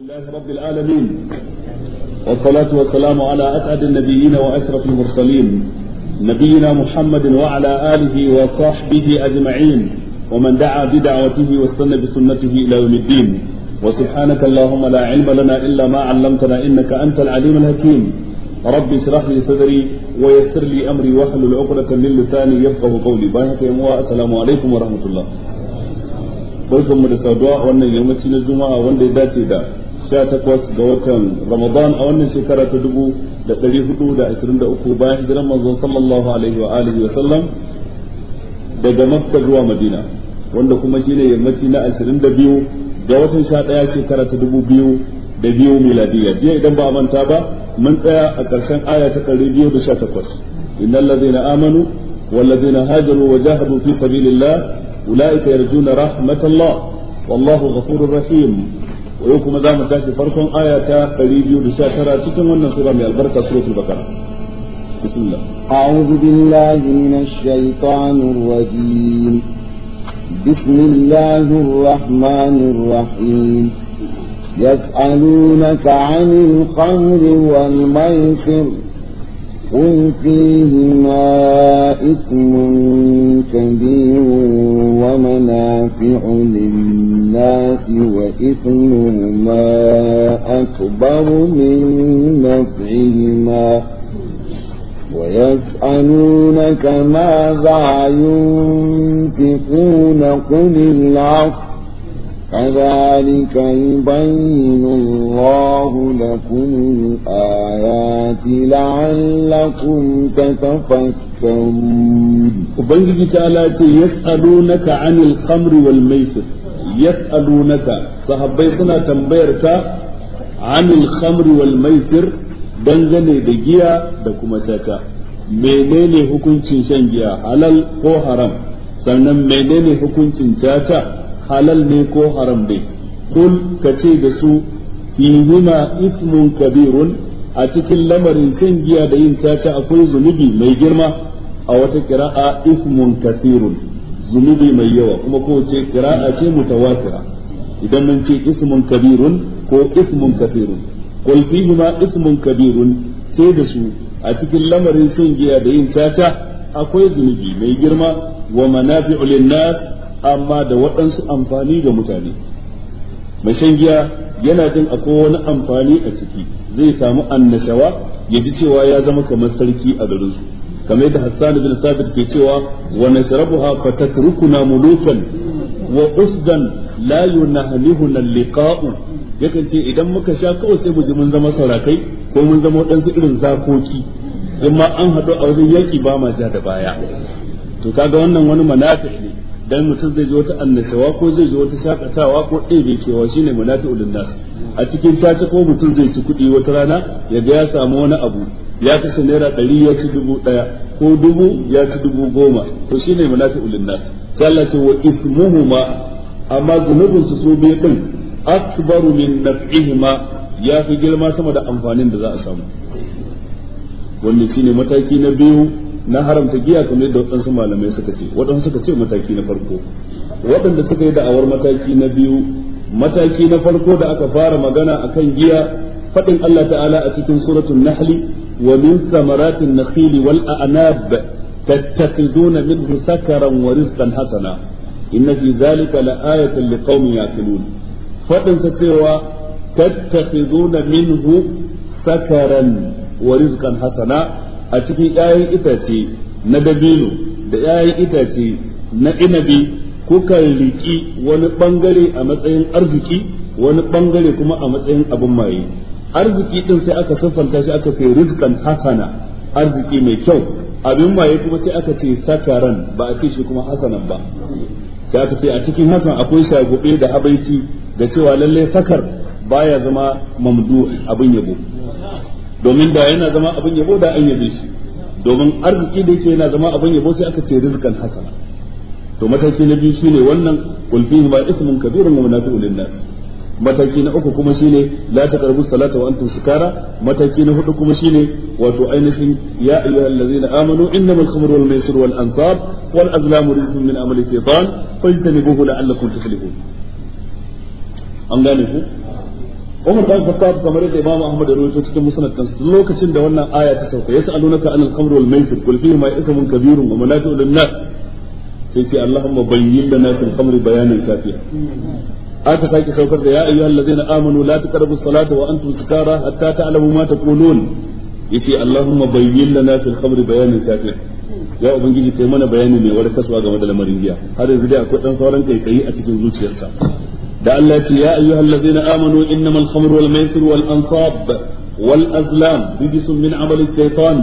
لله رب العالمين والصلاة والسلام على أسعد النبيين وأشرف المرسلين نبينا محمد وعلى آله وصحبه أجمعين ومن دعا بدعوته واستنى بسنته إلى يوم الدين وسبحانك اللهم لا علم لنا إلا ما علمتنا إنك أنت العليم الحكيم رب اشرح لي صدري ويسر لي أمري واحلل عقدة من لساني يفقه قولي باهك يا السلام عليكم ورحمة الله barkanmu da saduwa a wannan yammaci na juma'a wanda ya dace da 18 ga watan Ramadan a wannan shekara ta 1423 bayan hijiran manzon sallallahu alaihi wa alihi wa sallam daga Makka zuwa Madina wanda kuma shine yammaci na biyu ga watan 11 shekara ta biyu miladiya jiya idan ba a manta ba mun tsaya a ƙarshen aya ta 218 innal ladzina amanu wal hajaru wa ulaika yarjuna rahmatallah wallahu ghafurur ويو كما زام تاشي فرقون آية قريبي بشاكرة تكن ونن سورة من البركة سورة البقرة بسم الله أعوذ بالله من الشيطان الرجيم بسم الله الرحمن الرحيم يسألونك عن الخمر والميسر قل فيهما إثم كبير ومنافع للناس وإثمهما أكبر من نفعهما ويسألونك ماذا ينفقون قل العفو كذلك يبين الله لكم الآيات لعلكم تتفكرون وبنجي تعالى يسألونك عن الخمر والميسر يسألونك صحابي سنة تنبيرك عن الخمر والميسر dangane da giya da kuma caca menene hukuncin shan giya halal ko haram sannan menene hukuncin caca halal ne ko haram ne kul ka ce da su fihima ismun kabirun a cikin lamarin shan giya da yin caca akwai zunubi mai girma a wata kira'a ismun kasirun zunubi mai yawa kuma ce kira'a ce mutawatira idan mun ce ismun kabirun ko ismun kasirun kul fihima ismun kabirun sai da su a cikin lamarin shan giya da yin caca akwai zunubi mai girma wa manafi'ul linnas amma da waɗansu amfani ga mutane mai shan giya yana jin akwai wani amfani a ciki zai samu annashawa ya ji cewa ya zama kamar sarki a garinsu kamar yadda Hassan bin Sabit ke cewa wa nashrabuha fatatrukuna mulukan wa usdan la yunahlihuna liqa'u yakan ce idan muka sha kawai sai mu ji mun zama sarakai ko mun zama waɗansu irin zakoki in ma an haɗu a wajen yaƙi ba ma ja da baya to kaga wannan wani manafi ne dan mutum zai ji wata annashawa ko zai ji wata shakatawa ko ɗebe kewa shine munafi'ul nas a cikin caca ko mutum zai ci kuɗi wata rana ya ga ya samu wani abu ya kashe naira ɗari ya ci dubu ɗaya ko dubu ya ci dubu goma to shine munafi'ul nas sai Allah ce wa ismuhuma amma zunubin su biyu din akbaru min naf'ihima ya fi girma sama da amfanin da za a samu wannan shine mataki na biyu na haramta giya kamar yadda waɗansu malamai suka ce waɗansu suka ce mataki na farko waɗanda suka yi da'awar mataki na biyu mataki na farko da aka fara magana akan giya faɗin Allah ta'ala a cikin suratun nahli wa min samaratin nakhili wal a'nab tattakhiduna minhu sakaran wa rizqan hasana inna fi zalika la'ayatan liqaumin yaqilun faɗin sa cewa tattakhiduna minhu sakaran wa rizqan hasana a cikin ƴaƴan itace na dabino da ƴaƴan itace na inabi kuka riki wani bangare a matsayin arziki wani bangare kuma a matsayin abin maye arziki din sai aka siffanta shi aka ce rizqan hasana arziki mai kyau abin maye kuma sai aka ce sakaran ba a ce shi kuma hasanan ba sai aka ce a cikin hakan akwai shagube da habaici da cewa lalle sakar baya zama mamdu abin yabo domin da yana zama abin yabo da an yabe shi domin arziki da yake yana zama abin yabo sai aka ce rizqan hasana to mataki na biyu shine wannan qul fihi ma ismun kabirun wa munafiqun lin-nas mataki na uku kuma shine la taqrabu salata wa antum sukara mataki na hudu kuma shine wato ainihin ya ayyuhallazina amanu innamal khamru wal maisir wal ansab wal azlamu rijsun min amali shaytan fajtanibuhu la'allakum tuflihun an gane ku Umar dan Khattab kamar yadda Imam Ahmad ya rawaito cikin musnad kansa lokacin da wannan aya ta sauka yas'alunaka anil khamr wal maisir qul fihi ma ithmun kabirun wa lin nas sai ce Allahumma bayyin lana fil khamri bayanan aka sake saukar da ya ayyuhal ladzina amanu la taqrabu salata wa antum sukara hatta ta'lamu ma taqulun yace Allahumma bayyin lana fil khamri bayanan ya ubangiji kai mana bayani ne warkaswa game da lamarin giya har yanzu dai akwai dan sauran kai kai a cikin zuciyarsa ده يا أيها الذين آمنوا إنما الخمر والميسر والأنصاب والأزلام بجس من عمل الشيطان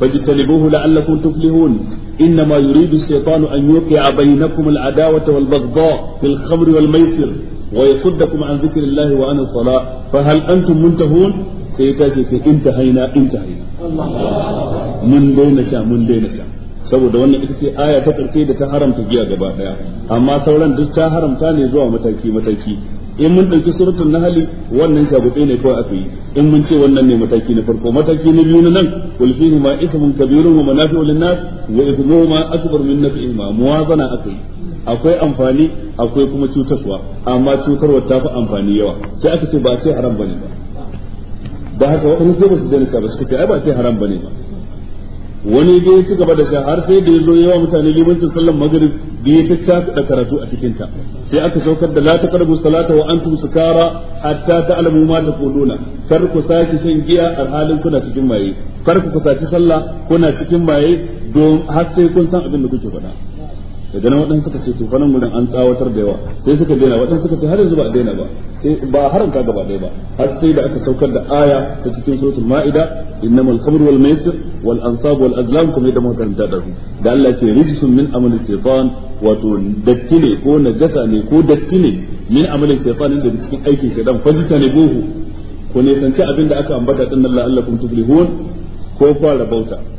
فاجتنبوه لعلكم تفلحون إنما يريد الشيطان أن يوقع بينكم العداوة والبغضاء في الخمر والميسر ويصدكم عن ذكر الله وعن الصلاة فهل أنتم منتهون سيتاجي انتهينا انتهينا الله من دين شام من دين شام saboda wannan ita ce aya ta ƙarshe da ta haramta giya gaba daya amma sauran duk ta haramta ne zuwa mataki mataki in mun ɗauki na hali wannan shagube ne kawai aka yi in mun ce wannan ne mataki na farko mataki na biyu na nan wal fihi ma ismun kabirun wa manafi'u linnas wa ithmuhuma akbar min naf'ihima muwazana aka yi akwai amfani akwai kuma cutarwa amma cutarwa ta fi amfani yawa sai aka ce ba ce haram bane ba da haka wani sai ba su daina ba suka ce ai ba ce haram bane ba wani dai ya ci gaba da shahar sai da ya zo yawa mutane limancin sallan magrib da ya tattaka da karatu a cikin ta sai aka saukar da la taqrabu salata wa antum sukara hatta ta'lamu ma taquluna kar ku saki shan giya a halin kuna cikin maye kar ku kusaci sallah kuna cikin maye don har sai kun san abin da kuke faɗa daga nan waɗansu suka ce to fa nan an tsawatar da yawa sai suka daina waɗansu suka ce har yanzu ba a daina ba sai ba haramta gaba ɗaya ba har sai da aka saukar da aya ta cikin suratul ma'ida innamal khamr wal maisir wal ansab wal azlam kuma da muka karanta da da Allah ce rijsun min amali shaytan wato datti ne ko najasa ne ko datti ne min amali shaytan da cikin aikin shaytan fajita ne buhu ko ne sanci abin da aka ambata din Allah Allah kun tuflihun ko fara bauta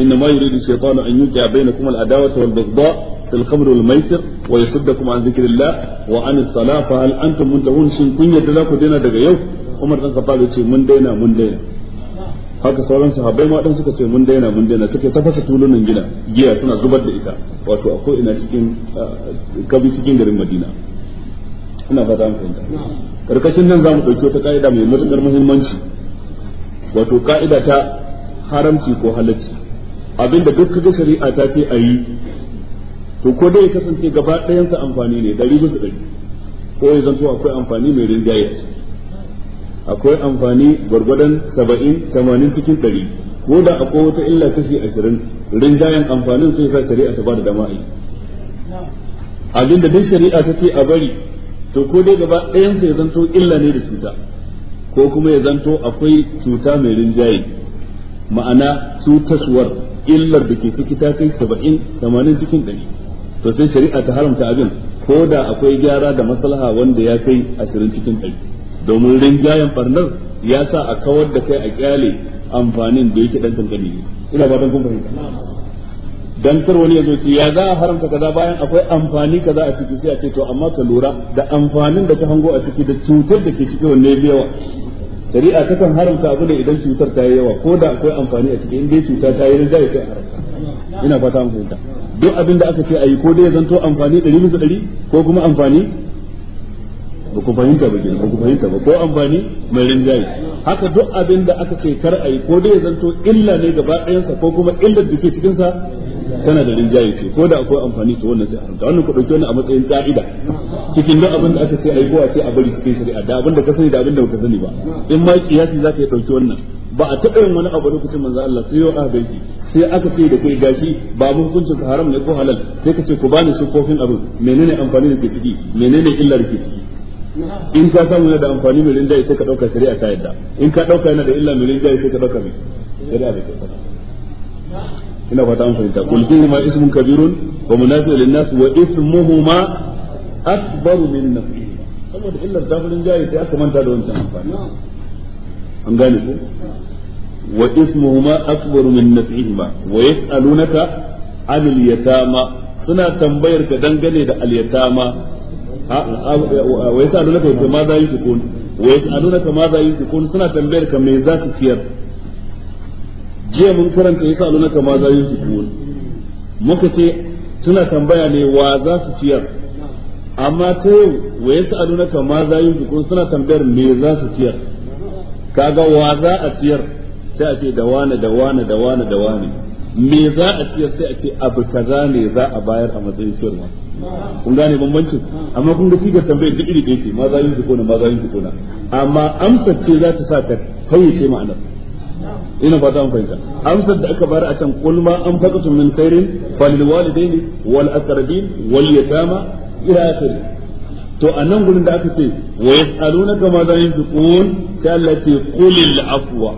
إنما يريد الشيطان أن يوقع بينكم العداوة والبغضاء في الخمر والميسر ويصدكم عن ذكر الله وعن الصلاة فهل أنتم منتهون شن كن يتلاقوا دينا دقا يوم عمر بن الخطاب يقول من دينا من دينا haka sauran sahabbai ma dan suka ce mun daina mun daina suke ta fasa gida giya suna zubar da ita wato akwai ina cikin kabi cikin garin Madina ina fata an karkashin nan zamu dauki wata ƙa'ida mai matukar muhimmanci wato kaida ta haramci ko halacci abinda duk kaga shari'a ta ce a yi to ko dai kasance gaba ɗayansa amfani ne dari bisa dari ko ya zanto akwai amfani mai rinjaye akwai amfani gwargwadon saba'in tamanin cikin ɗari ko da akwai wata illa kashi ashirin rinjayen amfanin sai sa shari'a ta ba da Abin abinda duk shari'a ta ce a bari to ko dai gaba ɗayansa ya zanto illa ne da cuta ko kuma ya zanto akwai cuta mai rinjaye ma'ana cutaswar illar da ke ciki ta kai saba'in tamanin cikin ɗari to sai shari'a ta haramta abin ko da akwai gyara da maslaha wanda ya kai ashirin cikin ɗari domin rinjayen ɓarnar ya sa a kawar da kai a kyale amfanin da yake ɗan kankani ne ina ba kun fahimta dan kar wani ya zo ce ya za a haramta kaza bayan akwai amfani kaza a ciki sai a ce to amma ka lura da amfanin da ka hango a ciki da cutar da ke ciki wanne biyawa. shari'a ta kan haramta abu ne idan cutar ta yi yawa ko da akwai amfani a cikin dai cuta ta yi rinjaye sai haramta ina fata an fahimta duk abin da aka ce a yi ko dai zanto amfani ɗari bisa ɗari ko kuma amfani ba ku fahimta ba ba ku fahimta ba ko amfani mai rinjaye haka duk abin da aka ce kar yi ko dai zanto illa ne gaba ɗayansa ko kuma illar jiki cikinsa cikin sa tana da rinjaye ce ko da akwai amfani to wannan sai a haramta wannan ku dauki wannan a matsayin ka'ida cikin duk abin da aka ce ai kowa a ce a bari cikin shari'a da abin da ka sani da abin da baka sani ba in ma kiyasi ka yi dauki wannan ba a taɓa yin wani abu lokacin manzo Allah sai yau aka gaishe sai aka ce da kai gashi ba mun hukuncin ka haram ne ko halal sai ka ce ku bani su kofin abu menene amfani da ke ciki menene illa da ke ciki in ka samu yana da amfani mai rinjaye sai ka dauka shari'a ta yadda in ka dauka yana da illa mai rinjaye sai ka dauka mai shari'a da ke faɗa ina fata an fahimta kul huma ismun kabirun wa munafi'un lin-nas wa ismuhuma akbaru min nafsihi saboda illar tafirin jayi sai aka manta da wancan amfani an gane ko wa ismuhuma akbaru min nafsihima wa yas'alunaka anil yatama suna tambayar ka dangane da al-yatama wa yas'alunaka ma za yi yunfiqun wa yas'alunaka ma za yi yunfiqun suna tambayar ka me za su ciyar jiya mun karanta yasa aluna kama za su kuwun muka ce suna tambaya ne wa za su ciyar amma ta yau wa yasa aluna kama za su kuwun suna tambayar me za su ciyar kaga wa za a ciyar sai a ce da wane da wane da wane da wane me za a ciyar sai a ce abu kaza ne za a bayar a matsayin ciyarwa kun gane bambancin amma kun ga sigar tambayar duk iri ɗaya ce ma za yi su kona ma za yi su kona amma amsar ce za ta sa ka ce ma'anar ina fata an fahimta amsar da aka bayar a can qul ma anfaqtum min khairin falil walidaini wal aqrabin wal yatama ila akhir to a nan gurin da aka ce wa yas'alunaka ma za yunfiqun ta Allah ce qulil afwa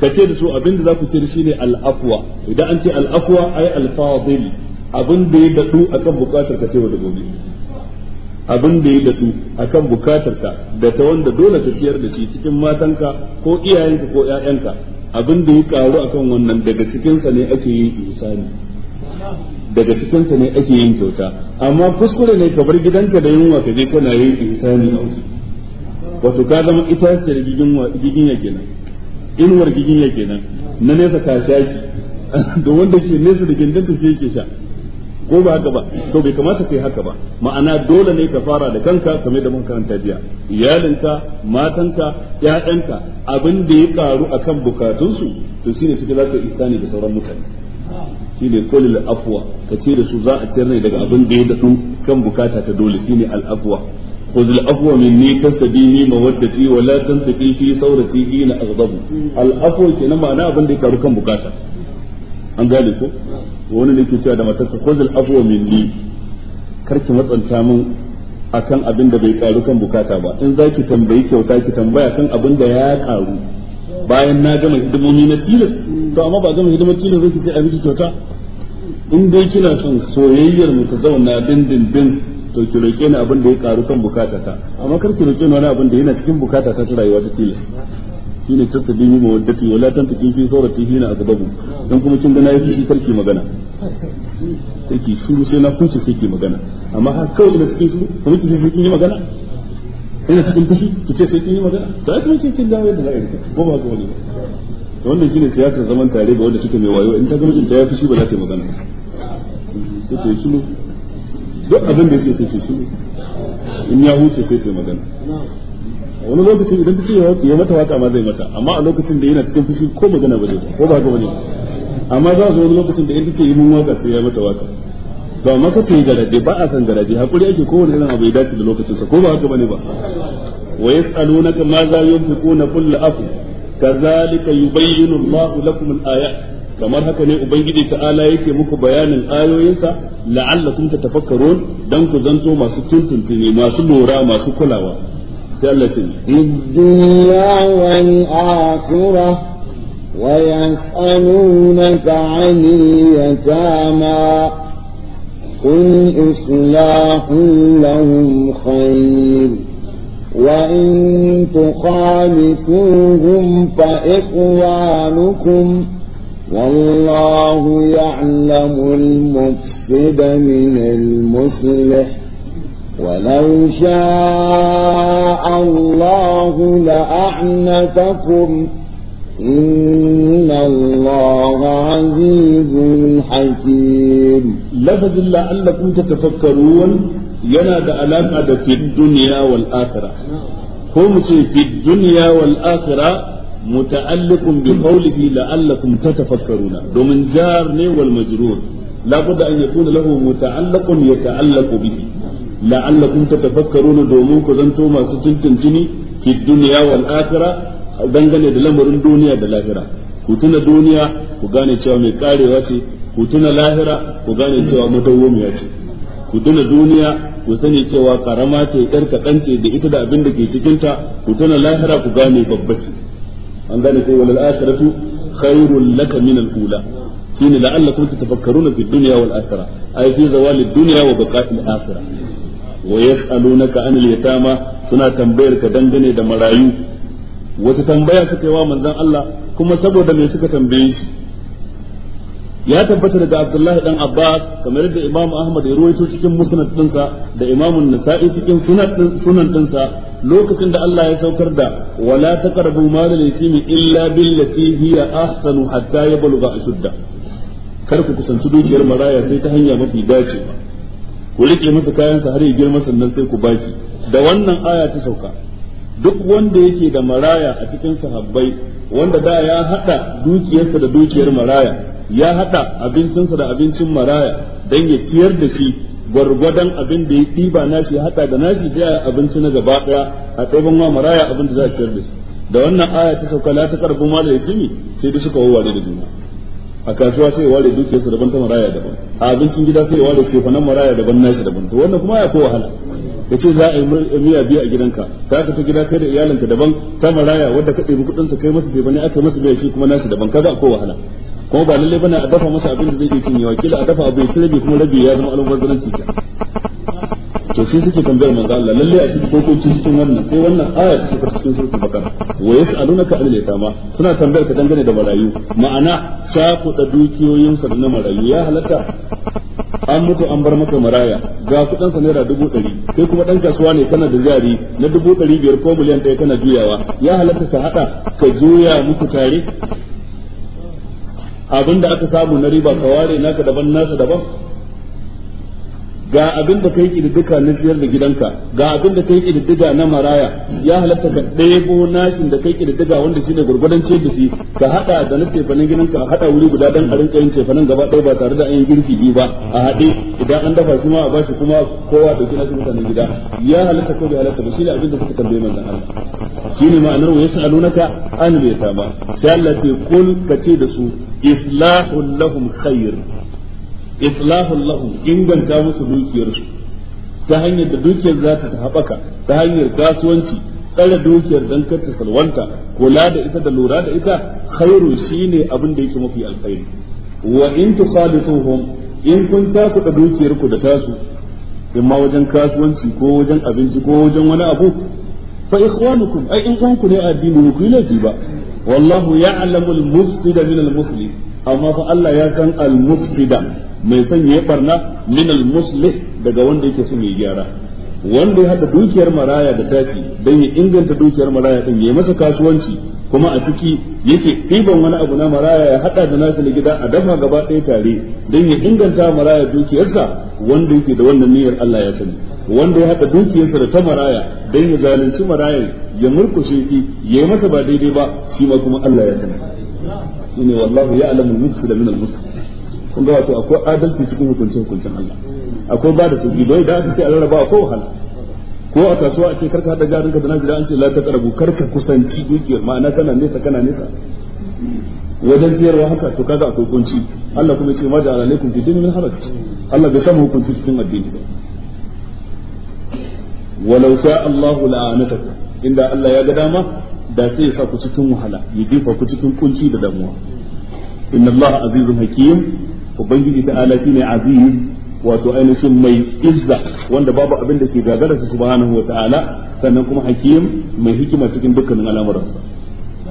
ka ce da su abinda za ku ce shi ne al'afwa idan an ce al'afwa ai al-fadil abin da ya dadu akan bukatar ka ce wa dabobi abin da ya dadu akan bukatar ka da ta wanda dole ka ciyar da shi cikin matanka ko iyayenka ko ƴaƴanka abin da ya karu akan wannan daga cikinsa ne ake yin isani daga cikinsa ne ake yin kyauta amma kuskure ne ka bar gidanka da yunwa ka je kana yin isani a waje wato ka zama ita ce da giginya kenan inuwar ya kenan na nesa ka shaki da wanda ke nesa da gindanta sai yake sha ko ba haka ba to bai kamata kai haka ba ma'ana dole ne ka fara da kanka kamar da mun karanta jiya iyalinka matanka ƴaƴanka abin da ya karu akan bukatunsu to shine suke za ka ihsani da sauran mutane shine kulil afwa ka ce da su za a ciyar ne daga abin da ya dadu kan bukata ta dole shine al afwa خذ العفو مني تستديني مودتي ولا تنتقي في ثورتي حين اغضب العفو كنا ma'ana abin da ya karu kan bukata an gane ko wani ne ke cewa da matarsa khuzul afwa minni karki matsanta mun akan abin da bai karu kan bukata ba in zaki tambayi kyauta ki tambaya kan abin da ya karu bayan na gama hidimomi na tilas to amma ba gama hidimar tilas zai ce abinci kyauta in dai kina son soyayyar mu ta zauna dindindin to ki roke ni abin da ya karu kan ta amma kar ki roke ni wani abin da yana cikin bukata ta rayuwa ta tilas shine ta yi wala saurati fi na hina azbabu dan kuma kin ga na yi fushi karki magana sai ki shuru sai na kuce sai ke magana amma har kawai da cikin shuru kuma ki sai kin yi magana ina cikin fushi ki ce sai kin yi magana da ai kuma kin dawo yadda za a yi ko ba ga wani to wannan shine siyasar zaman tare ga wanda take mai wayo in ta ga mijinta ya fushi ba za ta yi magana sai ta yi shuru duk abin da yake sai ta yi shuru in ya huce sai ta yi magana wani lokacin idan ta ce ya mata waka ma zai mata amma a lokacin da yana cikin fushi ko magana ba zai ko ba ga wani amma za su wani lokacin da ita ce yi mun waka sai ya mata waka to amma ka ta yi garaje ba a san garaje hakuri ake kowane irin abu ya dace da lokacinsa ko ba haka bane ba wa yas'alunaka ma za yunfiquna kullu afu kazalika yubayyinu Allahu lakum al-ayat kamar haka ne ubangiji ta'ala yake muku bayanin ayoyinsa la'allakum tatafakkarun dan ku zanto masu tuntuntuni masu lura masu kulawa sai Allah ya ce ويسألونك عن اليتامى قل إصلاح لهم خير وإن تخالفوهم فإخوانكم والله يعلم المفسد من المصلح ولو شاء الله لأعنتكم إن الله عزيز حكيم لفظ الله أنكم تتفكرون ينادى علاقة في الدنيا والآخرة هم في الدنيا والآخرة متعلق بقوله لعلكم تتفكرون ومن جار والمجرور لابد أن يكون له متعلق يتعلق به لعلكم تتفكرون دومون كذنتم ما ستنتني في الدنيا والآخرة dangane da lamarin duniya da lahira ku tuna duniya ku gane cewa mai karewa ce ku tuna lahira ku gane cewa madawwamiya ce ku tuna duniya ku sani cewa karama ce yar kaɗan ce da ita da abin da ke cikinta ku tuna lahira ku gane babba ce an gane ko wal akhiratu khairul laka min al ula shine kuntu tafakkaruna fi dunya wal akhira ay fi zawali dunya wa al akhira wa yas'alunaka al yatama suna tambayar ka dangane da marayu wata tambaya suka yi wa manzan Allah kuma saboda me suka tambaye shi ya tabbata daga Abdullahi dan Abbas kamar yadda Imam Ahmad ya ruwaito cikin musnad dinsa da Imam Nasa'i cikin sunan dinsa lokacin da Allah ya saukar da wala taqrabu mal yatimi illa billati hiya ahsanu hatta yablugha ashudda kar ku kusanci dukiyar maraya sai ta hanya mafi dacewa ku rike masa kayansa har ya girma sannan sai ku bashi da wannan aya ta sauka duk wanda yake da maraya a cikin sahabbai wanda da ya hada dukiyarsa da dukiyar maraya ya hada abincinsa da abincin maraya dan ya ciyar da shi gwargwadon abin da ya ɗiba nashi ya hada da nashi sai ya abinci na gaba daya a ɗaiban wa maraya abin da za a ciyar da shi da wannan aya ta sauka la ta karbu ma da yatimi sai da suka wawware da juna a kasuwa sai ware dukiyarsa daban ta maraya daban a abincin gida sai ware ce fa maraya daban nashi daban to wannan kuma ya ko wahala ya ce za a yi miya biyu a gidanka ta ka ta gida kai da iyalinka daban ta maraya wadda ka ɗebi kuɗin kai masa sai bane aka masa biya shi kuma nasu daban kaga ko wahala kuma ba lalle bane a dafa masa abin da zai ke cinyewa kila a dafa abu ya ci rabi kuma rabi ya zama zanen cikin to sai suke tambayar manzo Allah lalle a cikin dokoki cikin wannan sai wannan aya ta cikin cikin suratul baqara wa yas'alunaka anil yatama suna tambayar ka dangane da marayu ma'ana shafu da dukiyoyin sa na marayu ya halatta an mutu an bar maka maraya ga kudin sa naira dubu ɗari kai kuma dan kasuwa ne kana da jari na dubu ɗari biyar ko miliyan ɗaya kana juyawa ya halatta ka hada ka juya muku tare abinda aka samu na riba ka ware naka daban nasa daban ga abin da kai kididdiga na ciyar da gidanka ga abin da kai kididdiga na maraya ya halatta ka ɗebo nashin da kai kididdiga wanda shine gurgudan ciyar da shi ka hada da na cefanin gidanka a hada wuri guda dan a rinka yin cefanin gaba ɗaya ba tare da an yi girki biyu ba a haɗe idan an dafa shi ma a bashi kuma kowa da gina su mutanen gida ya halatta ko bai halatta ba shine abin da suka tambaye manzon Allah shine ma'anar wa naka an bai ta ba sai Allah ce kul ce da su islahul lahum khair islahul lahum inganta musu dukiyarsu ta hanyar da dukiyar za ta haɓaka ta hanyar kasuwanci tsare dukiyar don ta salwanta kula da ita da lura da ita khairu shine abin da yake mafi alkhairi wa in tusadituhum in kun cakuɗa dukiyar ku da tasu in ma wajen kasuwanci ko wajen abinci ko wajen wani abu fa ikhwanukum ai in kun ku ne addini ku yi ba wallahu ya'lamu al-mufsida min al-muslim amma fa Allah ya san al-mufsida mai son ya barna min al-muslih daga wanda yake son ya gyara wanda ya hada dukiyar maraya da tashi dan ya inganta dukiyar maraya din ya masa kasuwanci kuma a ciki yake ɗiban wani abu na maraya ya hada da nasu gida a dafa gaba ɗaya tare dan ya inganta maraya dukiyarsa wanda yake da wannan niyyar Allah ya sani wanda ya haɗa dukiyarsa da ta maraya dan ya zalunci maraya ya murkushe shi ya yi masa ba daidai ba shi ma kuma Allah ya sani shine wallahu kun ga wato akwai adalci cikin hukuncin hukuncin Allah akwai ba da sauki don idan aka ce a rarraba ko wahala ko a kasuwa a ce karka hada jarin da nashi an ce la ta karabu karka kusanci dukiyar ma'ana kana nesa kana nesa wajen siyarwa haka to kaga akwai kunci Allah kuma ce maja alaikum fi dinin haraj Allah bai hukunci cikin addini ba walau sha Allah la'anatakum inda Allah ya ga dama da sai ya sa ku cikin wahala ya jefa ku cikin kunci da damuwa inna allaha azizun hakim ubangiji ta'ala shine aziz wato ainihin mai izza wanda babu abin da ke gagara su subhanahu wata'ala sannan kuma hakim mai hikima cikin dukkanin al'amuransa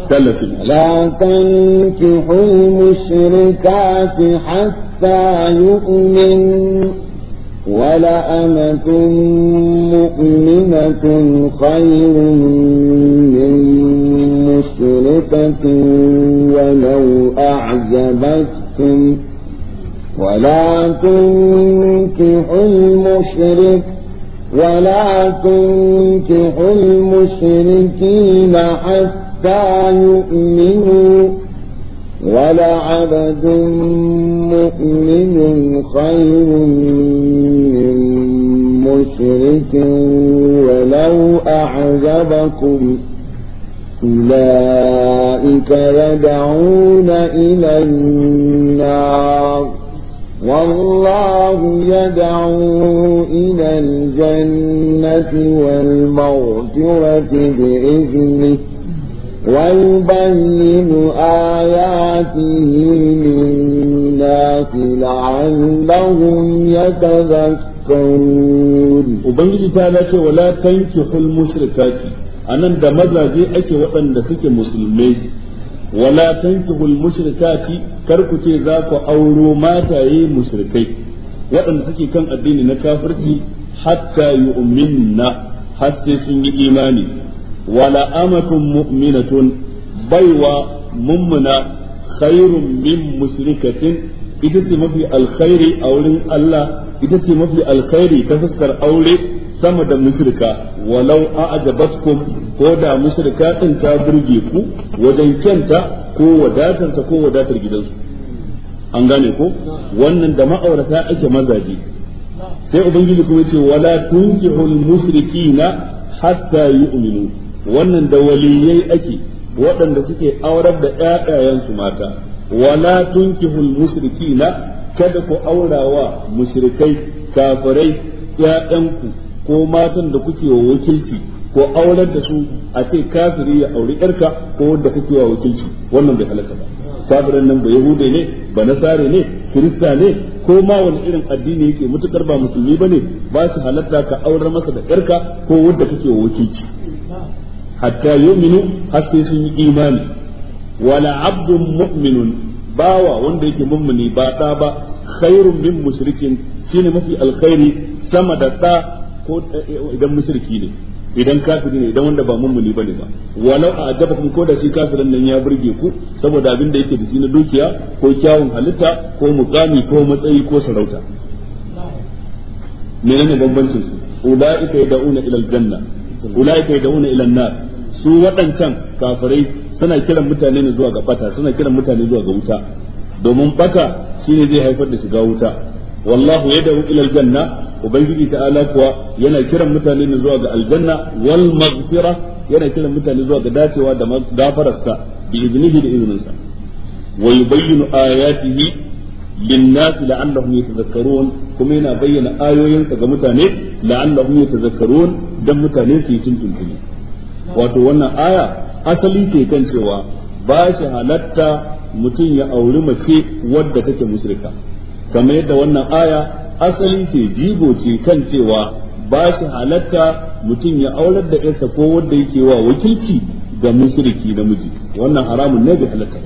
لا تنكحوا المشركات حتى يؤمن ولأمة مؤمنة خير من مشركة ولو أعجبتكم ولا تنكحوا المشرك ولا تنكحوا المشركين حتى يؤمنوا ولعبد مؤمن خير من مشرك ولو أعجبكم أولئك يدعون إلى النار والله يدعو إلى الجنة والمغفرة بإذنه ويبين آياته Ubangiji لعلهم يتذكرون وبنجي تعالى ولا تنكحوا المشركات anan da mazaje ake waɗanda suke musulmai wala tankihul mushrikati kar ku ce za ku auro mataye mushrikai waɗanda suke kan addini na kafirci hatta yu'minna har sai sun yi imani wala amatun mu'minatun baiwa mummuna khairun min musrikatin ita ce mafi alkhairi a wurin Allah ita ce mafi alkhairi ta fuskar aure sama da mushrika walau a'jabatkum ko da mushrika ta burge ku wajen kyanta ko wadatarta ko wadatar gidansu an gane ko wannan da ma'aurata ake mazaje sai ubangiji kuma ce wala tunkihul na hatta yu'minu wannan da waliyai ake waɗanda suke aurar da ƴaƴayensu mata wala tunkihul musrikina kada ku aura wa mushrikai kafirai ƴaƴanku ko matan da kuke wa wakilci ko aurar da su a ce kafiri ya auri ƴarka ko wanda kake wa wakilci wannan bai halatta ba kafirin nan ba yahude ne ba nasare ne kirista ne ko ma wani irin addini yake mutukar ba musulmi bane ba su halatta ka aurar masa da ƴarka ko wanda kuke wa wakilci حتى يؤمنوا har sai sun yi imani wala abdun mu'minun bawa wanda yake mummuni ba da ba khairun min mushrikin shine alkhairi sama da eh, idan mushriki ne idan kafiri ne idan wanda ba mummuni bane ba walau a ajaba kuma koda shi kafirin nan ya burge ku saboda abin da yake da shi na dukiya ko kyawun halitta ko mukami ko matsayi ko sarauta menene bambancin su ulaika yad'una ila aljanna ulaika yad'una ila an-nar su waɗancan kafirai suna kiran mutane ne zuwa ga bata suna kiran mutane zuwa ga wuta domin bata shine zai haifar da shiga wuta wallahu yad'u ila aljanna ubangiji ta'ala kuwa yana kiran mutane ne zuwa ga aljanna wal maghfira yana kiran mutane zuwa ga dacewa da gafararsa bi iznihi da izninsa wa yubayyinu ayatihi للناس لعلهم يتذكرون كما ينا بين آيوين سجمتاني لعلهم يتذكرون دمتاني سيتم تنتمي wato wannan aya asali ce kan cewa ba shi halatta mutum ya auri mace wadda take musulka kamar yadda wannan aya asali ce jigo ce kan cewa ba shi halatta mutum ya aurar da yarsa ko wadda yake wa wakilci ga musriki namiji wannan haramun ne bai halatta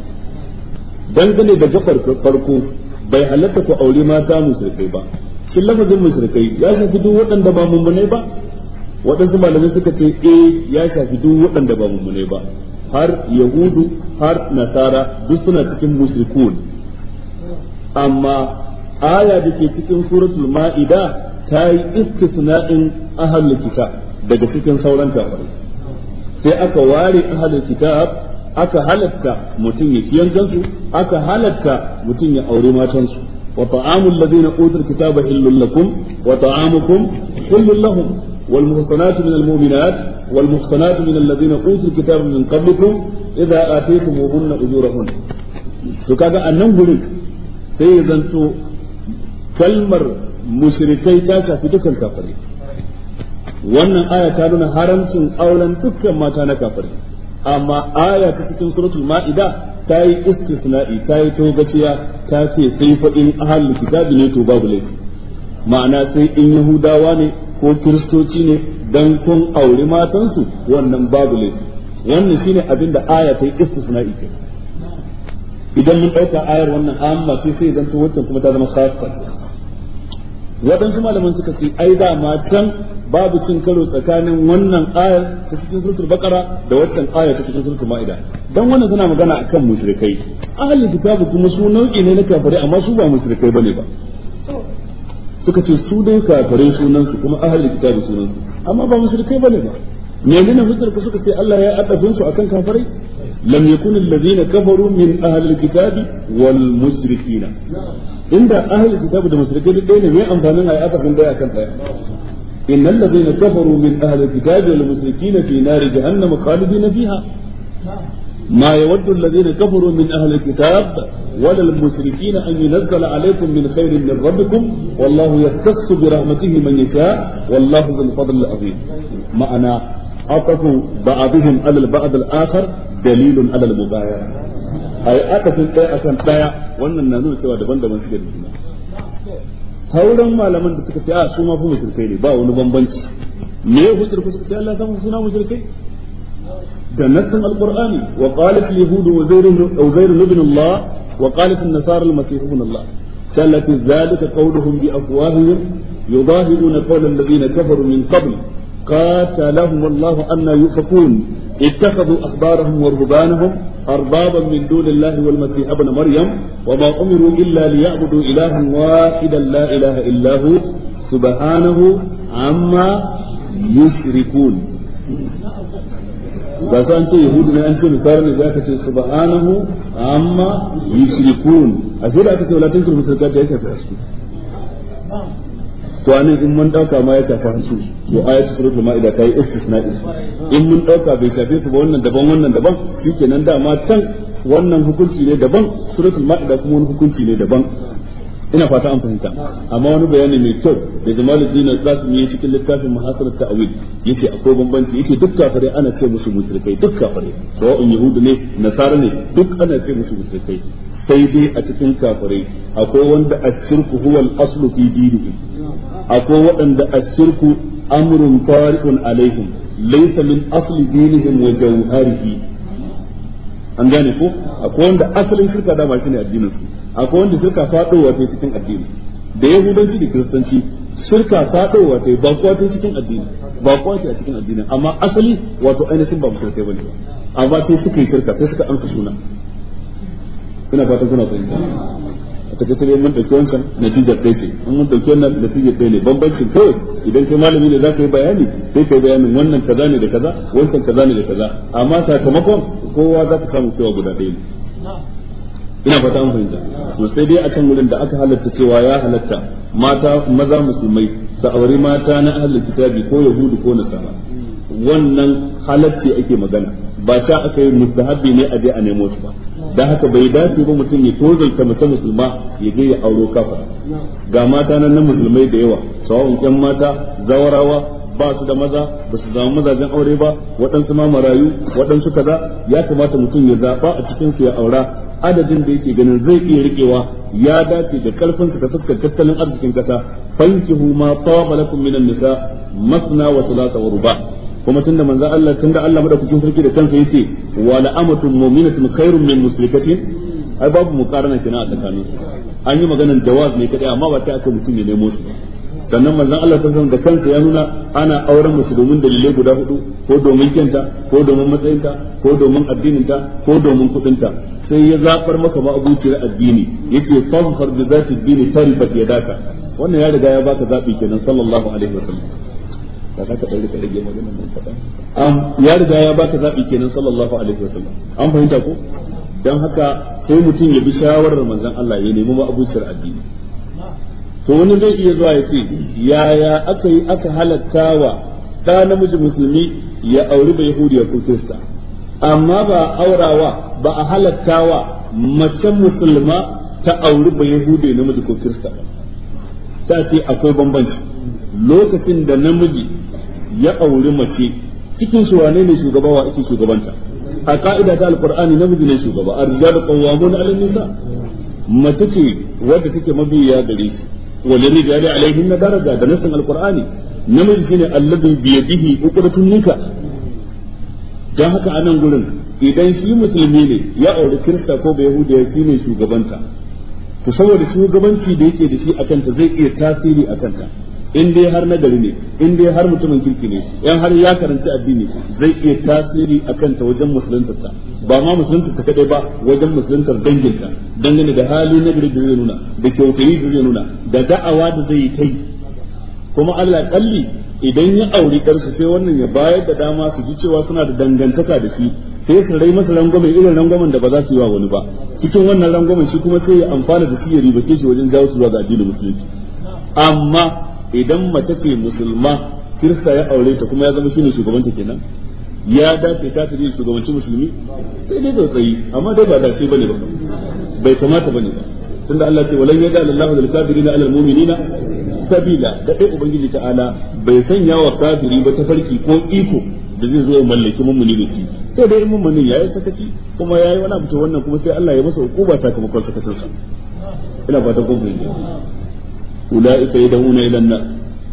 dangane da jakar farko bai halatta ku aure mata musulkai ba shin lafazin musulkai ya shafi duk waɗanda ba mummunai ba waɗansu malamai suka ce eh ya shafi duk waɗanda ba mummune ba har yahudu har nasara duk suna cikin mushrikun amma aya da ke cikin suratul ma'ida ta yi istisna'in ahlul kitab daga cikin sauran kafirai sai aka ware ahlul kitab aka halatta mutum ya ciyan kansu aka halatta mutum ya aure matansu wa ta'amul ladina utul kitaba illul lakum wa ta'amukum illul lahum والمحصنات من المؤمنات والمحصنات من الذين أوتوا الكتاب من قبلكم إذا آتيتموهن أجورهن تكاغا أنم غري سيزنتو كلمر مشركي تاشا في دكان كافرين wannan aya ta nuna haramcin auren dukkan mata na kafirai amma aya ta cikin suratul ma'ida ta yi istisna'i ta yi togaciya ta ce sai fa in ahlul kitabi ne to babu ma'ana sai in yahudawa ne ko kiristoci ne dan kun auri matansu wannan babu laifi wannan shine abin da aya ta yi ita idan mun ɗauka ayar wannan amma sai sai idan to waccan kuma ta zama khassa waɗansu malaman suka ce ai da ma can babu cin karo tsakanin wannan ayar ta cikin suratul baqara da waccan ayar ta cikin suratul maida dan wannan tana magana akan mushrikai ahli kitabu kuma su nau'i ne na kafirai amma su ba mushrikai bane ba suka ce su dai kafirai sunansu kuma ahlul kitabi sunansu amma ba musulkai bane ba ne menene hujjar ku suka ce Allah ya addafin su akan kafirai lam yakun alladhina kafaru min ahlil kitabi wal mushrikin inda ahlul kitabi da mushrikai duk ɗaya ne me amfanin ayi addafin dai akan daya إن الذين كفروا من أهل الكتاب والمشركين في نار جهنم خالدين فيها ما يود الذين كفروا من أهل الكتاب ولا المشركين أن ينزل عليكم من خير من ربكم والله يختص برحمته من يشاء والله ذو الفضل العظيم معنى عطف بعضهم على البعض الآخر دليل على المبايعة أي عطف ɗaya akan ɗaya wannan na nuna cewa daban-daban suke da juna sauran malaman da suka ce a su ma fa ne ba wani bambanci me hujjar suna ده نص القرآن وقالت اليهود وزير ابن الله وقالت النصارى المسيح ابن الله سالت ذلك قولهم بأفواههم يضاهئون قول الذين كفروا من قبل قاتلهم الله أن يؤفكون اتخذوا أخبارهم ورهبانهم أربابا من دون الله والمسيح ابن مريم وما أمروا إلا ليعبدوا إلها واحدا لا إله إلا هو سبحانه عما يشركون ba su an ce yahudu ne an ce misali ne ka ce su ba'anahu amma yushrikun a sai da aka ce wala tunkir musulka ta shafi asu to anan in mun dauka ma ya shafi asu to ayatu suratul maida ta yi istisna in mun dauka bai shafe su ba wannan daban wannan daban shikenan dama can wannan hukunci ne daban suratul maida kuma wani hukunci ne daban ina fata an fahimta amma wani bayani mai kyau da Jamaluddin Qasimi yi cikin littafin Muhasarat Ta'wil yace akwai bambanci yake duk kafare ana ce musu musulkai duk kafirai sawa'un yahudu ne nasara ne duk ana ce musu musulkai sai dai a cikin kafirai akwai wanda ashirku huwa al-aslu fi dinihim akwai waɗanda ashirku amrun tariqun alaihim laysa min asli dinihim wa jawharihi an gane ko akwai wanda asalin shirka dama shine addinin su akwai wanda shirka fadowa ta cikin addini da yahudanci da kiristanci shirka fadowa ta ba kuwa ta cikin addini ba kuwa ce cikin addini amma asali wato ainihin ba musulmai bane amma sai suka yi shirka sai suka amsa suna kuna fatan kuna fahimta ta kasa dai mun dauki wancan natija ɗaya ce in mun dauki wannan natija ɗaya ne bambancin kawai idan kai malami ne za ka yi bayani sai ka yi bayanin wannan kaza ne da kaza wancan kaza ne da kaza amma sakamakon kowa za ka samu cewa guda ɗaya ne ina fata an fahimta to sai dai a can wurin da aka halatta cewa ya halatta mata maza musulmai su auri mata na ahlul kitabi ko yahudu ko nasara wannan halacci ake magana ba ta aka yi mustahabi ne a je a nemo su ba da haka bai dace ba mutum ya tozalta mace musulma ya je ya auro kafa ga mata nan na musulmai da yawa sawa'un yan mata zawarawa ba su da maza ba su zama mazajen aure ba waɗansu ma marayu waɗansu kaza ya kamata mutum ya zaɓa a cikin su ya aura adadin da yake ganin zai iya rikewa ya dace da karfinsa ta fuskar tattalin arzikin kasa fanki huma tawaba lakum minan nisa masna wa thulatha wa ruba kuma tunda manzon Allah tunda Allah madaukakin sarki da kansa yace wa la'amatun mu'minatun khairun min musrikatin ai babu mukarana kina a tsakanin su an yi maganar jawaz ne kadai amma ba ta aka mutum ne nemo su sannan manzon Allah ta da kansa ya nuna ana auren musu domin dalilai guda hudu ko domin kyanta ko domin matsayinta ko domin addininta ko domin kudinta sai ya zaɓar maka ma'abuciyar addini yace fahfar bi zati dini tarifat daka wannan ya riga ya baka zaɓi kenan sallallahu alaihi wa wasallam da ka ɗauri ka rage rage maganar nan kadan am ya riga ya baka zaɓi kenan sallallahu alaihi wa wasallam an fahimta ko dan haka sai mutum ya bi shawarar manzon Allah ya nemi ma'abuciyar addini to wani zai iya zuwa ya ce yaya aka yi aka halatta wa ɗa namiji musulmi ya auri bai yahudiya ko kirista amma ba aurawa ba a halattawa mace musulma ta auri ba yahudi namiji ko kirista ba ce akwai bambanci lokacin da namiji ya auri mace cikin su wane ne shugaba wa ake shugabanta a ka'ida ta alqur'ani namiji ne shugaba arjalu qawwamun 'ala nisa mace ce wadda take mabiya gare shi wal rijali alaihin daraja da nasin alqur'ani namiji shine alladhi bi yadihi uqdatun nikah don haka a nan gurin idan shi musulmi ne ya auri kirista ko ba ya shi ne shugabanta to saboda shugabanci da yake da shi a kanta zai iya tasiri a kanta in dai har nagari ne in dai har mutumin kirki ne yan har ya karanci addini zai iya tasiri a kanta wajen musuluntarta ba ma musuluntarta ta kadai ba wajen musuluntar danginta dangane da hali nagari da zai nuna da kyautari da zai nuna da da'awa da zai yi ta yi kuma Allah kalli idan ya auri karsu sai wannan ya bayar da dama su ji cewa suna da dangantaka da shi sai su rai masa rangwamen irin rangwamen da ba za su yi wa wani ba cikin wannan rangwamen shi kuma sai ya amfana da shi ya ribace shi wajen jawo su zuwa ga addinin musulunci amma idan mace ce musulma kirista ya aure ta kuma ya zama shine shugabanta kenan ya dace ta tafi shugabanci musulmi sai dai tsautsayi amma dai ba dace bane ba bai kamata bane ba tunda Allah ce walan yada Allahu lil kafirina alal mu'minina sabila da dai ubangiji ta'ala bai sanya wa kafiri ba tafarki ko iko da zai zo ya mallaki mummuni da shi sai dai ya yayi sakaci kuma yi wani abu to wannan kuma sai Allah ya masa hukuma sakamakon sakacin sa ina fatan kun fahimta ulaika yad'una ila an-nar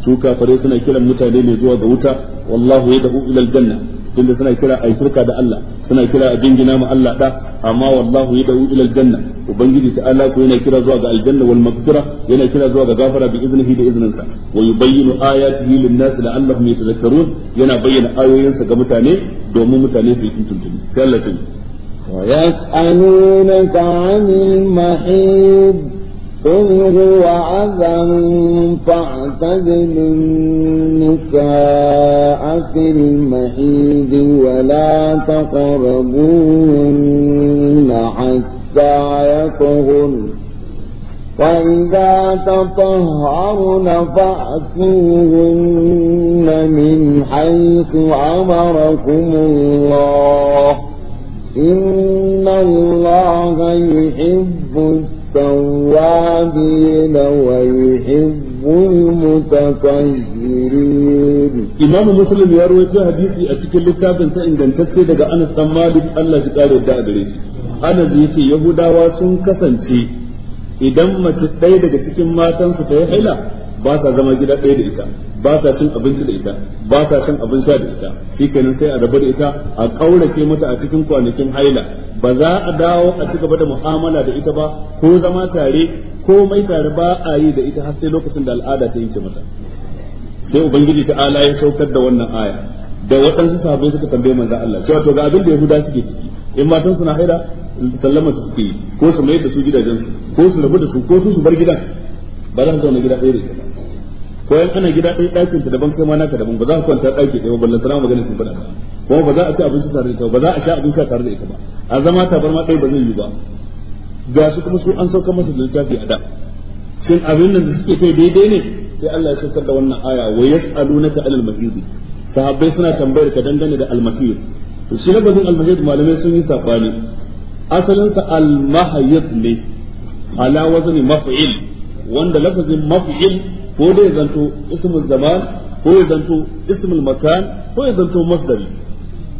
su kafare suna kiran mutane ne zuwa ga wuta wallahu yad'u ila al-janna tunda suna kira a shirka da Allah suna kira a jingina ma Allah da amma wallahu yad'u ila janna ubangiji ta Allah ko yana kira zuwa ga aljanna wal maghfira yana kira zuwa ga gafara bi iznihi da izninsa wa yubayyinu ayatihi lin nas la'allahum yatadhakkarun yana bayyana ayoyinsa ga mutane domin mutane su yi tuntuni sai Allah ya ce ويسألونك عن المحيض إن هو أذى فاعتزل النساء في المحيض ولا تقربوهن حتى يطهر فإذا تطهرن فأتوهن من حيث أمركم الله إن الله يحب التوابين ويحب المتطهرين إمام مسلم يروي في حديثي أتكل لتابن سعين دان تتسيد أنس بن مالك الله شكال يدعى دريش أنا ذيكي يهودا واسون كسنتي idan mace ɗaya daga cikin matansu ta yi haila ba sa zama gida ɗaya da ita ba sa cin abinci da ita ba sa cin abin sha da ita shikenan sai a rabu da ita a ƙaurace mata a cikin kwanakin haila ba za a dawo a ci gaba da mu'amala da ita ba ko zama tare ko mai tare ba a yi da ita har sai lokacin da al'ada ta yanke mata sai ubangiji ta ala ya saukar da wannan aya da waɗansu sahabbai suka tambaye manzon Allah cewa to ga abin da Yahuda suke ciki in matan suna haila sallama su suke yi ko su mai da su gidajen su ko su rabu da su ko su su bar gidan ba za su zauna gida ɗaya da ita ba ko yan kana gida ɗaya ɗakin ta daban kai ma naka daban ba za ka kwanta ɗaki ɗaya ba ballan sana magana sun faɗa kuma ba za a ci abinci tare da ita ba za a sha abinci sha tare da ita ba a zama ta bar ma ɗaya ba zai yi ba ga su kuma su an sauka masa da littafi a da shin abin nan da suke kai daidai ne sai Allah ya saukar da wannan aya wa yas'alunaka alal mahidi sahabbai suna tambayar ka dangane da almasir to shi lafazin almasir malamai sun yi sabani asalin sa almahyid ne ala wazni maf'il wanda lafazin maf'il ko dai zanto ismul zaman ko ya zanto ismul makan ko ya zanto masdari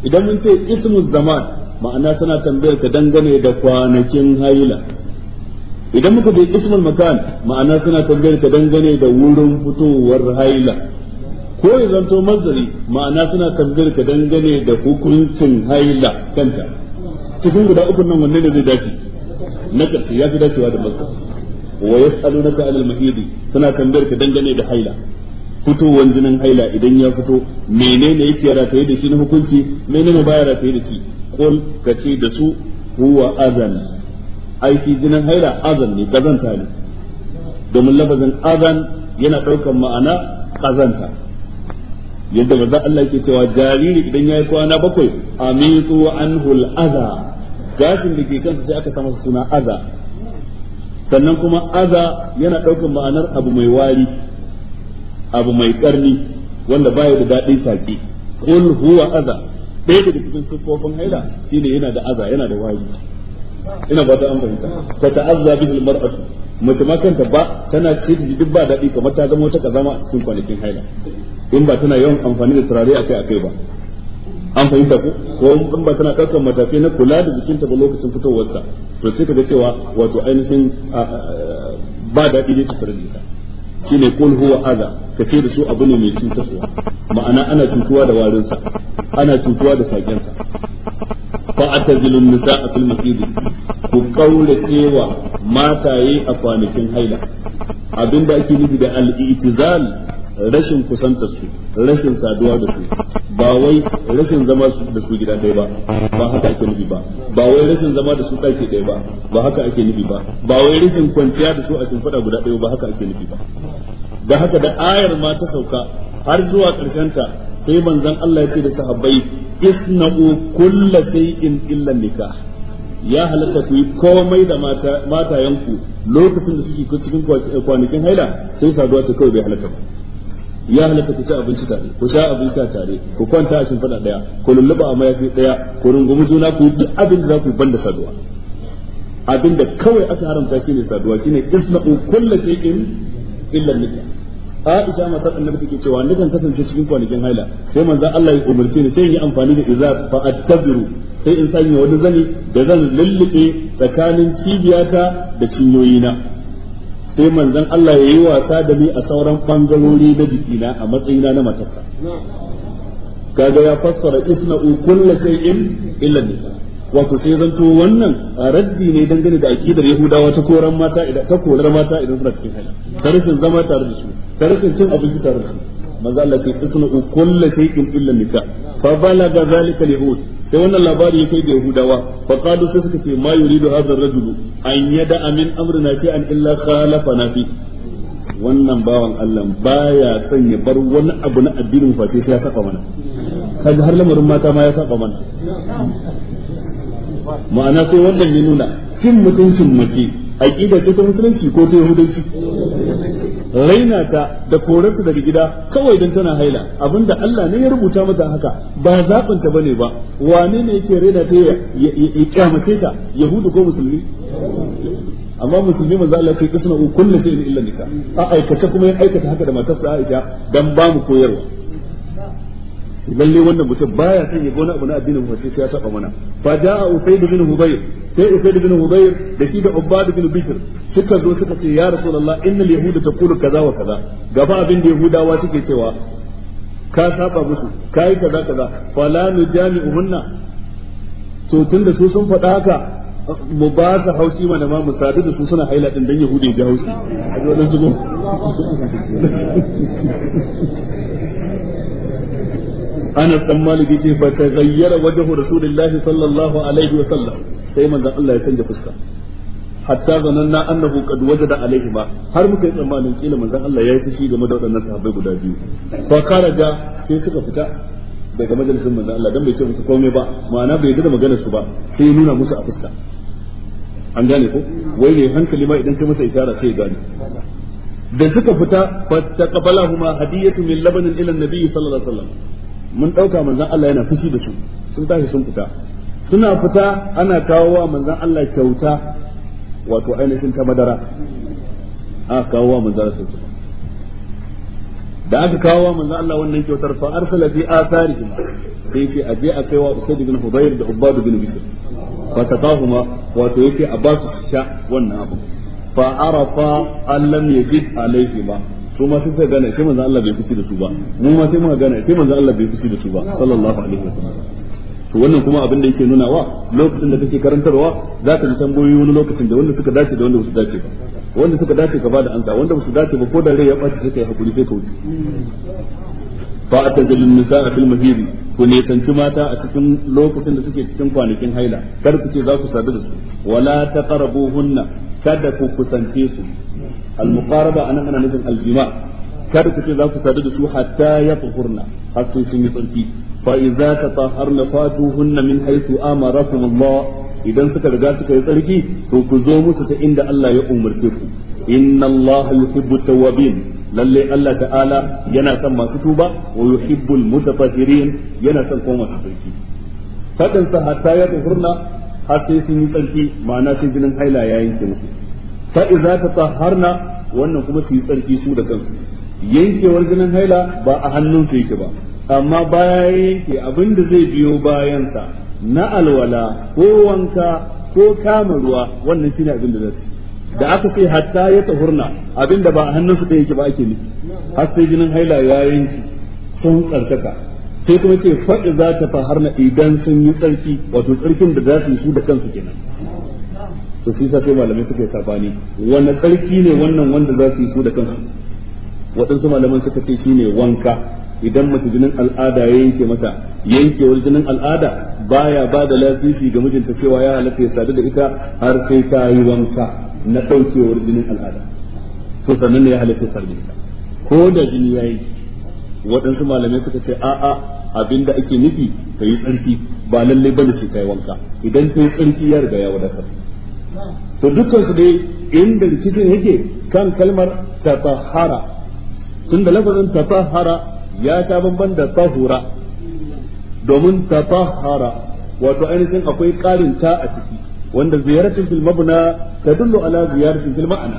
idan mun ce ismul zaman ma'ana tana tambayar ka dangane da kwanakin haila idan muka ce ismul makan ma'ana suna tambayar ka dangane da wurin fitowar haila ko ya zanto masdari ma'ana suna tambayar ka dangane da hukuncin haila kanta cikin guda uku nan wanne ne zai dace na ƙarshe ya fi dacewa da masdari wa yas'alunaka 'anil mahidi suna tambayar ka dangane da haila fitowar jinin haila idan ya fito menene yake rataye da shi na hukunci menene baya rataye da shi qul kace da su huwa azan ai shi jinin haila azan ne kazanta ne domin lafazin azan yana daukar ma'ana kazanta yadda maza Allah yake cewa jariri idan ya yi kwana bakwai amitu anhul aza gashin da ke kansa sai aka sa masa suna aza sannan kuma aza yana ɗaukar ma'anar abu mai wari abu mai karni wanda baya da daɗin shaƙi qul huwa aza ɗaya daga cikin siffofin haila shine yana da aza yana da wari ina ba ta an fahimta ta ta'azza bihi almar'atu mace ma kanta ba tana ce ta ji duk ba daɗi kamar ta zama wata kazama a cikin kwanakin haila in ba tana yawan amfani da turare akai akai ba an fahimta ko ko in ba tana ɗaukar matakai na kula da jikinta ba lokacin fitowarsa to sai ka ga cewa wato ainihin ba daɗi ne ta farjita shine kul huwa ka ce da su abu ne mai cutarwa ma'ana ana cutuwa da warinsa ana cutuwa da sakensa fa nisa a fil masjid ku kaura cewa mataye a kwanakin haila abinda ake nufi da al-i'tizal rashin kusantar su rashin saduwa da su ba wai rashin zama da su gida ɗaya ba ba haka ake nufi ba ba wai rashin zama da su ɗaki ɗaya ba ba haka ake nufi ba ba wai rashin kwanciya da su a shimfiɗa guda ɗaya ba haka ake nufi ba da haka da ayar ma ta sauka har zuwa ta sai manzon Allah ya ce da sahabbai isna'u kulla shay'in illa nikah ya halatta ku yi komai da matayenku lokacin da suke cikin kwanakin haila sai saduwa ce kawai bai halatta ba ya halatta ku ci abinci tare ku sha abin sha tare ku kwanta a shimfiɗa ɗaya ku lulluɓa a mayafi ɗaya ku rungumi juna ku duk abin da za ku banda saduwa abin da kawai aka haramta shine saduwa shine isna'u kullu shay'in illa nikah Aisha matar annabi take cewa nakan kasance cikin kwanakin haila sai manzo Allah ya umarce ni sai in yi amfani da izar fa attaziru sai in sanya wani zani da zan lulluɓe tsakanin cibiyata da cinyoyina sai manzon Allah ya yi wasa da ni a sauran bangarori na jikina a matsayina na matarsa kaga ya fassara isna'u sai in illa nika wato sai zanto wannan raddi ne dangane da akidar yahudawa ta koran mata idan ta korar mata idan suna cikin haila ta zama tare da su ta cin abinci tare da su manzo Allah ce isna'u sai in illa nika fa balaga zalika yahud sai wannan labari ya kai ga yahudawa fa qalu sai suka ce ma yuridu hadha rajulu an yada min amrina shay'an illa khalafana fi wannan bawan Allah baya son ya bar wani abu na addinin fa sai ya saka mana kaji har lamarin mata ma ya saka mana ma'ana sai wannan ya nuna cin mutuncin mace aqida ce ta musulunci ko ta yahudanci raina ta da korarta daga gida kawai don tana haila abinda Allah ne ya rubuta mata haka ba zaɓin ta bane ba wane ne yake raina ta ya kyamace ta yahudu ko musulmi amma musulmi manzo Allah sai kasna kullu shay'in illa nika a aikata kuma ya aikata haka da matarsa Aisha dan ba mu koyarwa lalle wannan mutum baya son ya gona abu na addinin mu sai ya saba mana fa da'a usayd bin hubayr sai usayd bin hubayr da shi da ubad bin bishr suka zo suka ce ya rasulullah innal yahuda taqulu kaza wa kaza gaba abin da yahudawa suke cewa ka saba musu kai kaza kaza fala nujami'uhunna to tunda su sun faɗa haka mu ba su haushi mana ma mu sadu da su suna haila din dan yahudi ya haushi a zo da anas dan malik yace fa taghayyara wajhu rasulillahi sallallahu alaihi wa sallam sai manzon Allah ya canja fuska hatta zananna annahu qad wajada alaihi ma har muka yi tsammanin kila manzon Allah ya yi fushi game da waɗannan sahabbai guda biyu fa karaja sai suka fita daga majalisin manzon Allah dan bai ce musu komai ba ma'ana bai da maganar su ba sai nuna musu a fuska an gane ko wai ne hankali ma idan kai masa isara sai ya gane da suka fita fa taqabalahuma hadiyatu min labanin ila annabi sallallahu alaihi wasallam mun dauka manzon Allah yana fushi da su sun tashi sun fita suna fita ana kawo wa manzon Allah kyauta wato ainihin ta madara a kawo wa manzon Allah da aka kawo wa manzon Allah wannan kyautar fa arsala fi atharihim sai ce aje a kaiwa Usayd bin Hudayr da Ubbad bin Bisr fa tatahuma wato yace a basu su sha wannan abu fa arafa allam yajid alaihima su ma sai suka gane sai manzo Allah bai fushi da su ba mu ma sai muka gane sai manzo Allah bai fushi da su ba sallallahu alaihi wasallam to wannan kuma abin da yake nuna wa lokacin da kake karantarwa za ka ji tambayoyi wani lokacin da wanda suka dace da wanda ba su dace ba wanda suka dace ka bada ansa wanda ba su dace ba ko da rai ya ɓaci sai ka yi hakuri sai ka wuce fa atazilun nisaa fil mahidi ku tanci mata a cikin lokacin da suke cikin kwanakin haila kar ku ce za ku sadu da su wala taqrabuhunna kada ku kusance su al-muqaraba anan ana nufin aljima. jima kada ce za ku sadu da su hatta ya tuhurna har sai sun yi tsarki fa idza tatahharna fatuhunna min haythu amarakum Allah idan suka riga suka yi tsarki to ku zo musu ta inda Allah ya umarce ku inna Allah yuhibbu tawwabin Lallai Allah ta'ala yana son masu tuba wa yuhibbul mutatahhirin yana son kuma masu tsarki fadin sa hatta ya tuhurna har sai sun yi tsarki ma'ana sai jinin haila ya yanke musu fa idza tatahharna wannan kuma su yi tsarki su da kansu yankewar jinin haila ba a hannun su yake ba amma baya yanke abin da zai biyo bayansa na alwala ko wanka ko kama ruwa wannan shine abin da zai da aka ce hatta ya tahurna abin ba a hannun da yake ba ake nufi har sai jinin haila ya yanke sun tsarkaka sai kuma ce faɗi za ta faharna idan sun yi tsarki wato tsarkin da za su yi su da kansu kenan to shi sai malamai suka yi sabani wanda tsarki ne wannan wanda za su yi su da kansu waɗansu malaman suka ce shine wanka idan mace jinin al'ada ya yanke mata yankewar jinin al'ada baya ba da lasisi ga mijinta cewa ya halatta ya sadu da ita har sai ta yi wanka na ɗaukewar jinin al'ada to sannan ne ya halatta ya ko da jini ya yi waɗansu malamai suka ce a'a abinda ake nufi ta tsarki ba lallai ba bane sai ta yi wanka idan ta tsarki ya riga ya wadatar to dukkan su dai inda rikicin yake kan kalmar tatahara da lafazin tatahara ya ta bamban da tahura domin tatahara wato ainihin akwai karin ta a ciki wanda ziyaratin fil mabna tadullu ala ziyaratin fil ma'ana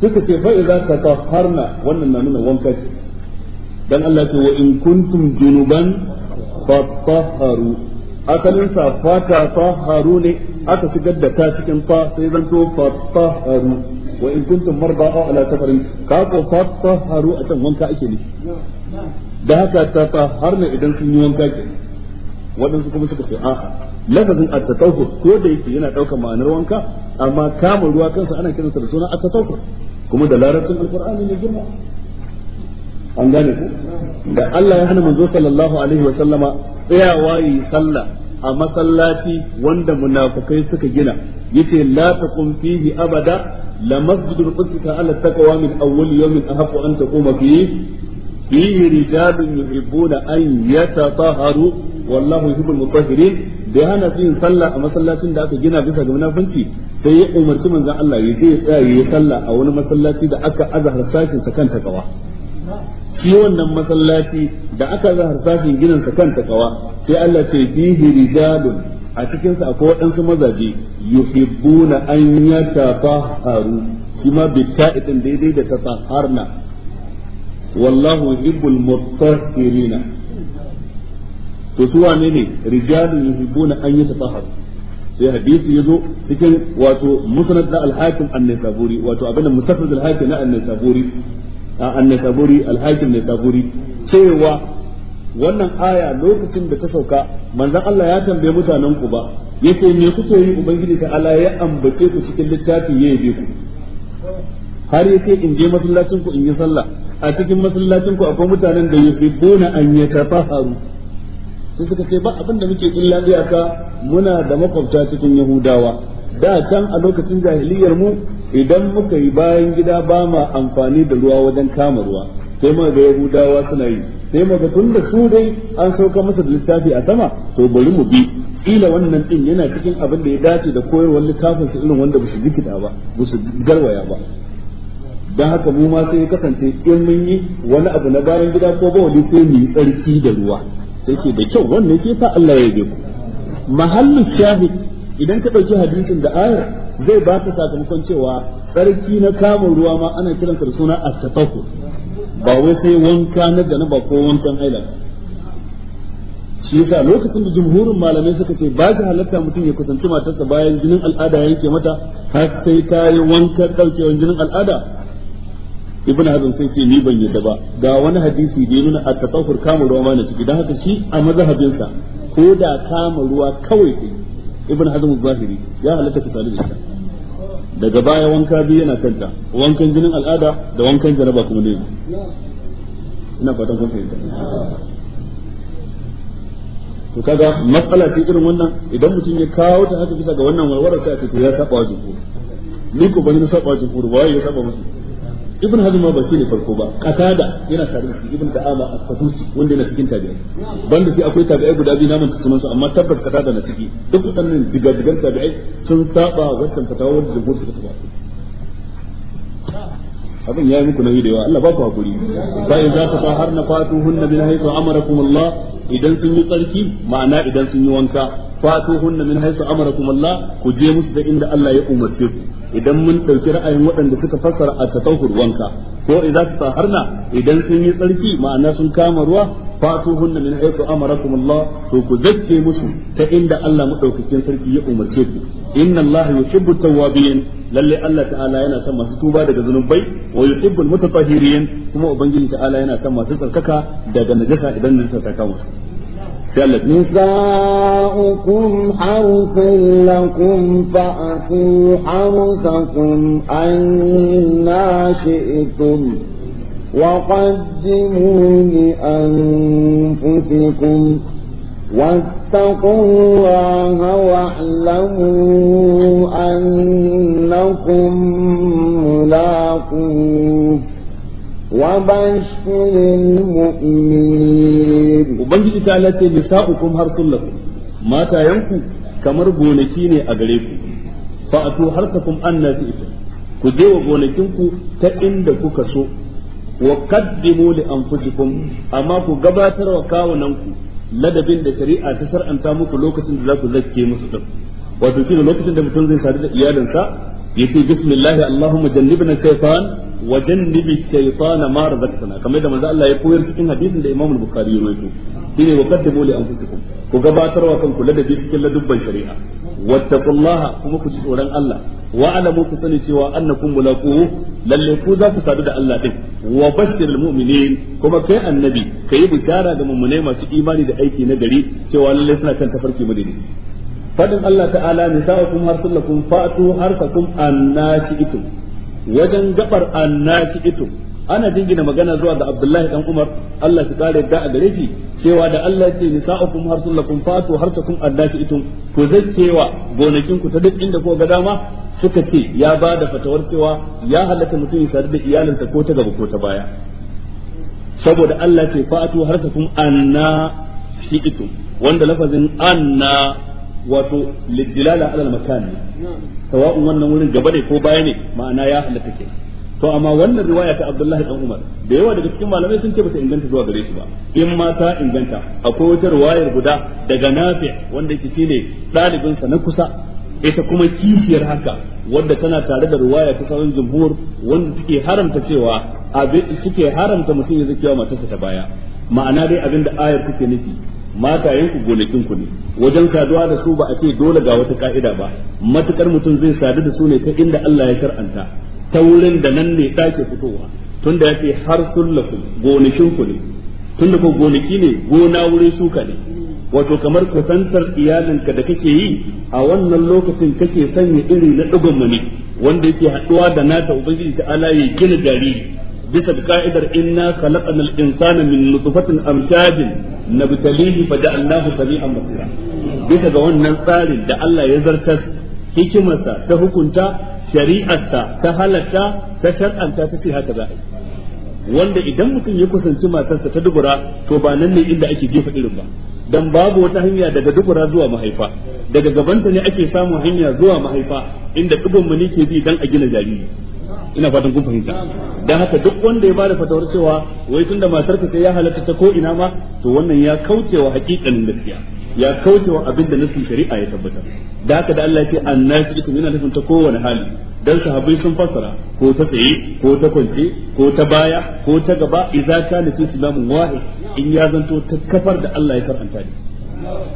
suka ce fa idza tatahharna wannan na nuna wanka ce dan Allah ce wa in kuntum junuban fatahharu asalin sa tahharu ne aka shigar da ta cikin fa sai zan zanto fatahharu wa in kuntum marda aw ala safarin ka ko fatahharu a can wanka ake ne da haka ta har ne idan sun yi wanka ke waɗansu kuma suka ce a'a lafazin at-tatawwur ko da yake yana ɗaukar ma'anar wanka amma kama ruwa kansa ana kiransa da suna at-tatawwur kuma da larabcin alqur'ani ne girma an gane ku da Allah ya hana manzo sallallahu alaihi wa sallama tsayawa yi sallah a masallaci wanda munafukai suka gina yace la taqum fihi abada la masjidul qudsa ala taqwa min awwal yawmin ahqqu an taquma fihi fihi rijalun yuhibbuna an yatatahharu wallahu yuhibbul mutahhirin bai hana su yin sallah a masallacin da aka gina bisa ga munafunci sai ya umarci manzon Allah ya je ya tsaya ya yi sallah a wani masallaci da aka azhar sashin sa kan takawa shi wannan masallaci da aka za harsashin ginin sa kanta kawa sai Allah ce bihi rijalun a cikin sa akwai waɗansu mazaje yuhibbuna an yatafahharu shi ma bitta'idin daidai da tatahharna wallahu yuhibbul mutahhirina to su wane ne rijalun yuhibbuna an yatafahharu sai hadisi yazo cikin wato musnad da al-hakim an-nisaburi wato abin da mustafrid al-hakim na an-nisaburi an alhakim al-hakim nisaburi cewa wannan aya lokacin da ta sauka manzon Allah ya tambaye mutanen ku ba yace me kuke yi ubangiji ta Allah ya ambace ku cikin littafin ya be ku har yace in je masallacin ku in yi sallah a cikin masallacin ku akwai mutanen da bona an tafaharu sai suka ce ba abin da muke illa iyaka muna da makwabta cikin yahudawa da can a lokacin jahiliyar mu idan muka yi bayan gida ba ma amfani da ruwa wajen kama ruwa sai mu ga yahudawa suna yi sai mu ga da su dai an sauka masa da littafi a sama to bari mu bi kila wannan din yana cikin abin da ya dace da koyarwar littafin su irin wanda basu jikita ba su garwaya ba dan haka mu ma sai kasance in mun yi wani abu na bayan gida ko ba wani sai mu yi tsarki da ruwa sai ce da kyau wannan shi yasa Allah ya yi ku mahallu shahid idan ka dauki hadisin da ayar zai ba ka sakamakon cewa tsarki na kamun ruwa ma ana kiransa da suna a tatahhur ba wai sai wanka na janaba ko wankan haila shi yasa lokacin da jumhurin malamai suka ce ba shi halatta mutum ya kusanci matarsa bayan jinin al'ada yanke mata har sai ta yi wanka jinin al'ada ibn hazm sai ce ni ban yadda ba ga wani hadisi da ya nuna a tatahhur kamun ruwa ma na ciki don haka shi a mazhabinsa ko da kama ruwa kawai yi ibn hazm zahiri ya halatta ka da daga baya wanka biyu yana kanta wankan jinin al'ada da wankan jaraba kuma ne ina fatan kun fahimta to kaga matsala ce irin wannan idan mutum ya kawo ta haka bisa ga wannan warwara sai a ce to ya saba wa jumhur ni ko ban saba wa jumhur waye ya saba musu ibn hazm ba shine farko ba qatada yana tare da shi ibn da'ama al-fadusi wanda yana cikin tabi'ai banda shi akwai tabi'ai guda biyu namun sunan su amma tabbar qatada na ciki duk wadannan jigajigan tabi'ai sun saba wancan fatawa wanda jumhur suka taba abin ya yi muku nahi da yawa Allah ba ku hakuri fa in za ta fa har na fatu hunna min haythu amarakum Allah idan sun yi tsarki ma'ana idan sun yi wanka fatu hunna min haythu amarakum Allah ku je musu da inda Allah ya umarce ku idan mun ɗauki ra'ayin waɗanda suka fassara a tatahur wanka ko idan su harna, idan sun yi tsarki ma'ana sun kama ruwa hunna min haythu amarakum Allah to ku zakke musu ta inda Allah madaukakin sarki ya umarce ku inna Allah yuhibbu tawwabin lalle Allah ta'ala yana son masu tuba daga zunubai wa yuhibbul mutatahhirin kuma ubangiji ta'ala yana son masu tsarkaka daga najasa idan najasa ta kama su نساؤكم حرث لكم فأتوا حرثكم أنا شئتم وقدموا لأنفسكم واتقوا الله واعلموا أنكم ملاقوه وبشر المؤمنين وبنجي تعالى نساؤكم حرث لكم ما تاينكو كمر ne a gare ku fa atu harsakum annasi ita ku je wa gonakinku ta inda kuka so wa qaddimu li anfusikum amma ku gabatar wa kawunanku ladabin da shari'a ta sar'anta muku lokacin da za ku zakke musu din wato shi lokacin da mutum zai sadu da iyalinsa yace bismillah allahumma jannibna shaytan wa jannibi shaytana ma razaqtana kamar da manzo Allah ya koyar cikin hadisin da Imam Bukhari ya rawaito shine wa qaddimu li anfusikum ku gabatarwa kanku ladabi cikin ladubban shari'a wattaqullaha kuma ku ci tsoron Allah wa alamu ku sani cewa annakum mulaquhu lalle ku za ku sadu da Allah din wa bashiril mu'minin kuma kai annabi kai bishara ga mu'mine masu imani da aiki na gari cewa lalle suna kan tafarki madanici fadin Allah ta'ala nisa'ukum harsullakum fa'tu harsakum annashi'tum wajen gabar annasi ito ana jingina magana zuwa ga Abdullahi dan Umar Allah shi kare da a gare shi cewa da Allah ce nisa'ukum harsulakum fatu harsakum annasi ito ko zaccewa gonakin ku ta duk inda ko ga dama suka ce ya ba da fatawar cewa ya halatta mutum ya sadu da iyalinsa ko ta gaba ko ta baya saboda Allah ce fatu harsakum anna shi ito wanda lafazin anna wato lidilala ala makan ne sawa'un wannan wurin gaba ne ko baya ne ma'ana ya halatta ke to amma wannan riwaya ta Abdullahi dan Umar da yawa daga cikin malamai sun ce bata inganta zuwa gare shi ba in ma ta inganta akwai wata riwayar guda daga Nafi wanda yake shine dalibin sa na kusa ita kuma kifiyar haka wadda tana tare da riwaya ta sauran jumhur wanda suke haramta cewa suke haramta mutum ya zakiya matarsa ta baya ma'ana dai abinda ayar take nufi Mata ku gonakin ku ne wajen saduwa da su ba a ce dole ga wata ka'ida ba matukar mutum zai sadu da su ne ta inda Allah ya shar'anta ta wurin da nan ne take fitowa tunda yake har sullaku gonakin ku ne tunda ko gonaki ne gona wuri shuka ne wato kamar kusantar iyalinka da kake yi a wannan lokacin kake sanya iri na dugun mani wanda yake haduwa da nata ubangiji ta ala ya gina jariri bisa ga ka'idar inna khalaqna al-insana min nutfatin amshajin nabtalihi fa ja'alnahu sami'an basira bisa ga wannan tsarin da Allah ya zartar hikimarsa ta hukunta shari'arsa ta halatta ta shar'anta ta ce haka za a yi wanda idan mutum ya kusanci matarsa ta dubura to ba nan ne inda ake jefa irin ba dan babu wata hanya daga dubura zuwa mahaifa daga gabanta ne ake samun hanya zuwa mahaifa inda dubun mani ke bi dan a gina jariri ina fatan kun fahimta dan haka duk wanda ya bada fatawar cewa wai tunda matar ka sai ya halatta ta ko ina ma to wannan ya kaucewa hakikanin gaskiya ya kaucewa abin da nasin shari'a ya tabbatar da haka da Allah ya ce annasi yana nufin ta kowane hali dan sahabbai sun fassara ko ta tsaye ko ta kwance ko ta baya ko ta gaba idza kana fi islamin wahid in ya zanto ta kafar da Allah ya saranta ne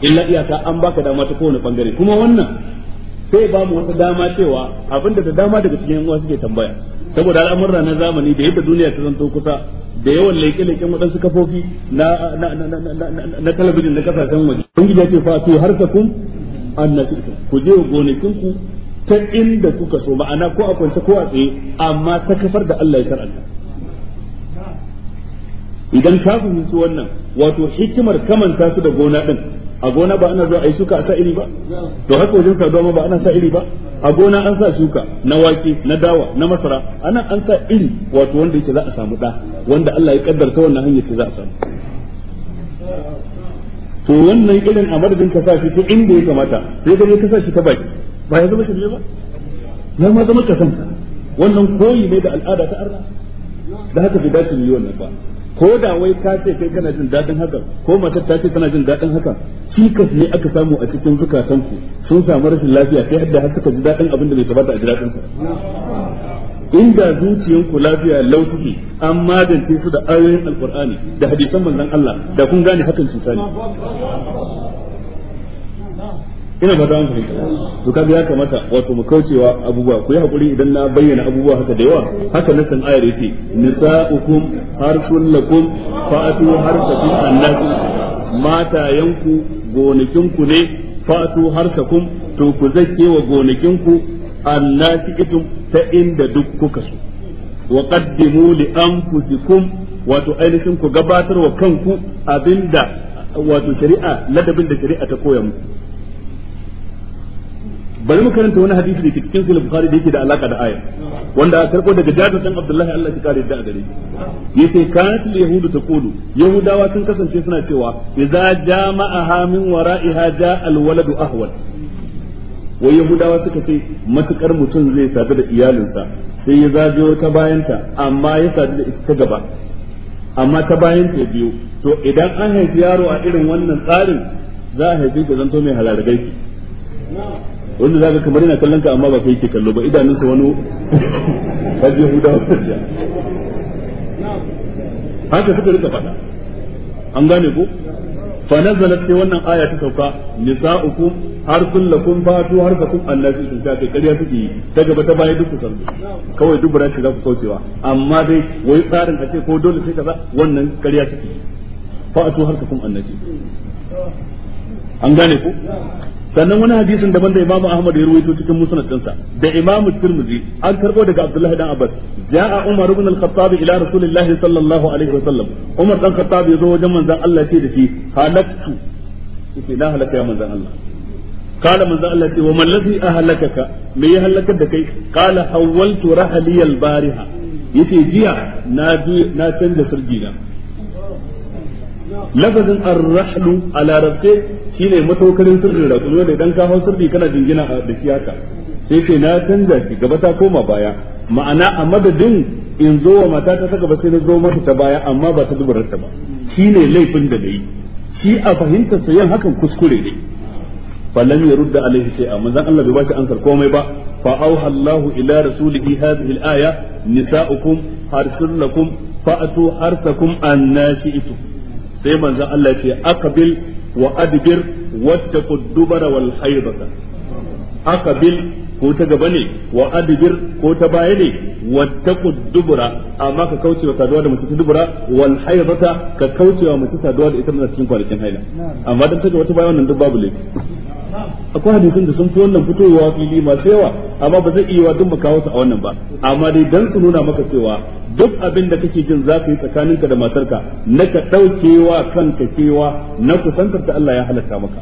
illa iyaka an baka dama ta kowane bangare kuma wannan sai ba mu wata dama cewa abinda da dama daga cikin yan uwa suke tambaya saboda al'amurra na zamani da yadda duniya ta zanto kusa da yawan leke leƙen waɗansu kafofi na talabijin na kasashen waje kun ya ce fa to har ka kun annasiku ku je gonakin ku ta inda kuka so ma'ana ko a kwance ko a tsaye amma ta kafar da Allah ya saranta idan ka fahimci wannan wato hikimar kamanta su da gona din a gona ba ana zuwa a yi shuka a sa iri ba to haka wajen saduwa ma ba ana sa iri ba a gona an sa shuka na wake na dawa na masara ana an sa iri wato wanda yake za a samu da wanda Allah ya kaddarta wannan hanya ce za a samu to wannan irin a madadin ka sa shi ta inda ya kamata sai ka je ka sa shi ta baki ba ya zama shi ba ya ma zama kasanta wannan koyi ne da al'ada ta arna da haka bai dace mu yi wannan ba ko da wai ka ce kai kana jin daɗin haka ko matar ta ce tana jin daɗin haka cikas ne aka samu a cikin zukatanku sun samu rashin lafiya kai hadda har suka ji daɗin abin da bai kamata a ji daɗin sa inda zuciyanku lafiya lau suke an magance su da ayoyin alkur'ani da hadisan manzon Allah da kun gane hakan cuta ne ina ba fahimta to kaga ya kamata wato mu kaucewa abubuwa ku yi hakuri idan na bayyana abubuwa haka da yawa haka na san ayar yace nisa'ukum harsun lakum fa'atu harsakum annas mata yanku gonakinku ne fa'atu harsakum to ku zake wa gonakinku annasi itum ta inda duk kuka so wa qaddimu li anfusikum wato ainihin ku gabatar wa kanku abinda wato shari'a ladabin da shari'a ta koya muku bari mu karanta wani hadisi da ke cikin sahih bukhari da yake da alaka da aya wanda aka karbo daga jabir dan abdullahi Allah shi kare da gare shi yace kanat yahudu ta taqulu yahudawa sun kasance suna cewa idza jama'aha min wara'iha ja alwaladu ahwal wa yahudawa suka ce matukar mutum zai sadu da iyalinsa sai ya zabiyo ta bayanta amma ya sadu da ita ta gaba amma ta bayanta ta biyu to idan an haifi yaro a irin wannan tsarin za a haife shi zanto mai halargai wanda zaka kamar yana kallon ka amma ba kai ke kallo ba idanunsa wani kaje huda wanda haka suka rika faɗa an gane ko fa nazalat sai wannan aya ta sauka nisa'ukum har kullakum fatu har fakum annasi sun sha kai ƙarya suke yi ta gaba ta baya duk kusan kawai duk bara shiga ku kaucewa amma dai wai tsarin ka ce ko dole sai kaza wannan ƙarya suke yi fatu har fakum annasi an gane ko sannan wani hadisin daban da imamu ahmad ya ruwaito cikin musnad dinsa da imamu tirmidhi an karbo daga abdullahi dan abbas ja'a umar ibn al-khattab ila rasulillahi sallallahu alaihi wasallam umar dan khattab yazo wajen manzon Allah ce da shi halaktu yace na halaka ya manzon Allah قال من ذا الله shine matakarin sirrin raƙumi da idan ka hau sirri kana jingina da shi haka sai ce na canza shi gaba ta koma baya ma'ana a madadin in zo wa mata ta gaba sai na zo mata ta baya amma ba ta dubarar ta ba shine laifin da yi. shi a fahimtar sa yin hakan kuskure ne falam yarudda alaihi shay'a manzon Allah bai ba shi ansar komai ba fa auha Allahu ila rasulihi hadhihi al-aya nisa'ukum harsunakum fa'atu harsakum annashi'tu sai manzon Allah ya ce aqbil wa adbir wattaqu dubara wal haybata aqbil ko ta gaba wa adbir ko ta baya ne wattaqu dubura amma ka kaucewa saduwa da mace ta wal haybata ka kaucewa mace saduwa da ita na cikin kwanakin haila amma dan ta wata baya wannan duk babu laifi akwai hadisin da sun fi wannan fitowa fili masu yawa amma ba zai iya duk kawo su a wannan ba amma dai dan su nuna maka cewa duk abin da kake jin zaka ka yi tsakaninka da matarka na ka ɗaukewa kanka cewa na kusantar ta Allah ya halatta maka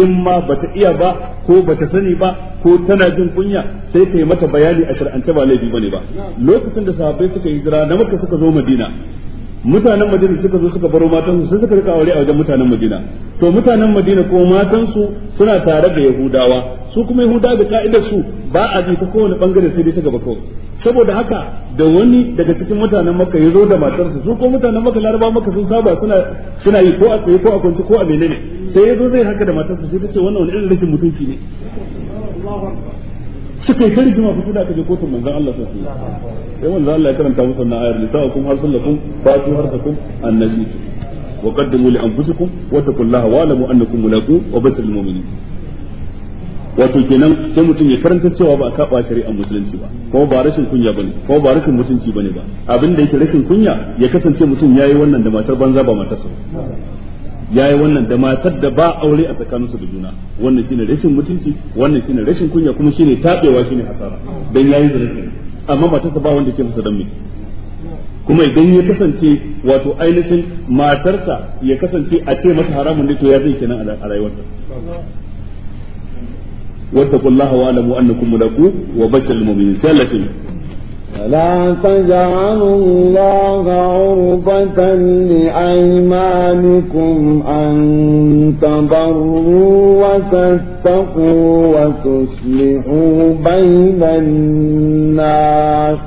in ma bata iya ba ko bata sani ba ko tana jin kunya sai ta yi mata bayani a shar'ance ba laifi bane ba lokacin da sahabbai suka yi hijira na maka suka zo Madina mutanen madina suka zo suka baro matan su suka rika aure a wajen mutanen madina to mutanen madina ko matan su suna tare da yahudawa su kuma yahuda da ka'idar su ba a ji ta kowane bangare sai dai ta gaba kawai saboda haka da wani daga cikin mutanen maka ya zo da matarsa su ko mutanen maka laraba maka sun saba suna suna yi ko a tsaye ko a kwanci ko a menene sai ya zo zai haka da matarsa sai ta ce wannan wani irin rashin mutunci ne suka yi ta rigima ku da aka je kotun manzon Allah sallallahu alaihi wasallam sai Allah ya karanta musu na ayar suna kun, fatu harsakum annasitu wa qaddimu li anfusikum wa taqullaha wa lamu annakum mulaqu wa bashiril mu'minin wato kenan sai mutum ya karanta cewa ba a saba shari'ar musulunci ba kuma ba rashin kunya bane kuma ba rashin mutunci bane ba abin da yake rashin kunya ya kasance mutum ya yi wannan da matar banza ba matar sa yayi wannan da matar da ba aure a tsakaninsu da juna wannan shine rashin mutunci wannan shine rashin kunya kuma shine tabewa shine hasara dan yayi zalunci amma matarsa ba wanda ke masa dan me kuma idan ya kasance wato ainihin matarsa ya kasance a ce masa haramun ne to ya zai kenan a rayuwarsa kullaha wa alamu annakum mulaqu wa bashiril mu'minin sallatin فلا تجعلوا الله عرضة لأيمانكم أن تبروا وتتقوا وتصلحوا بين الناس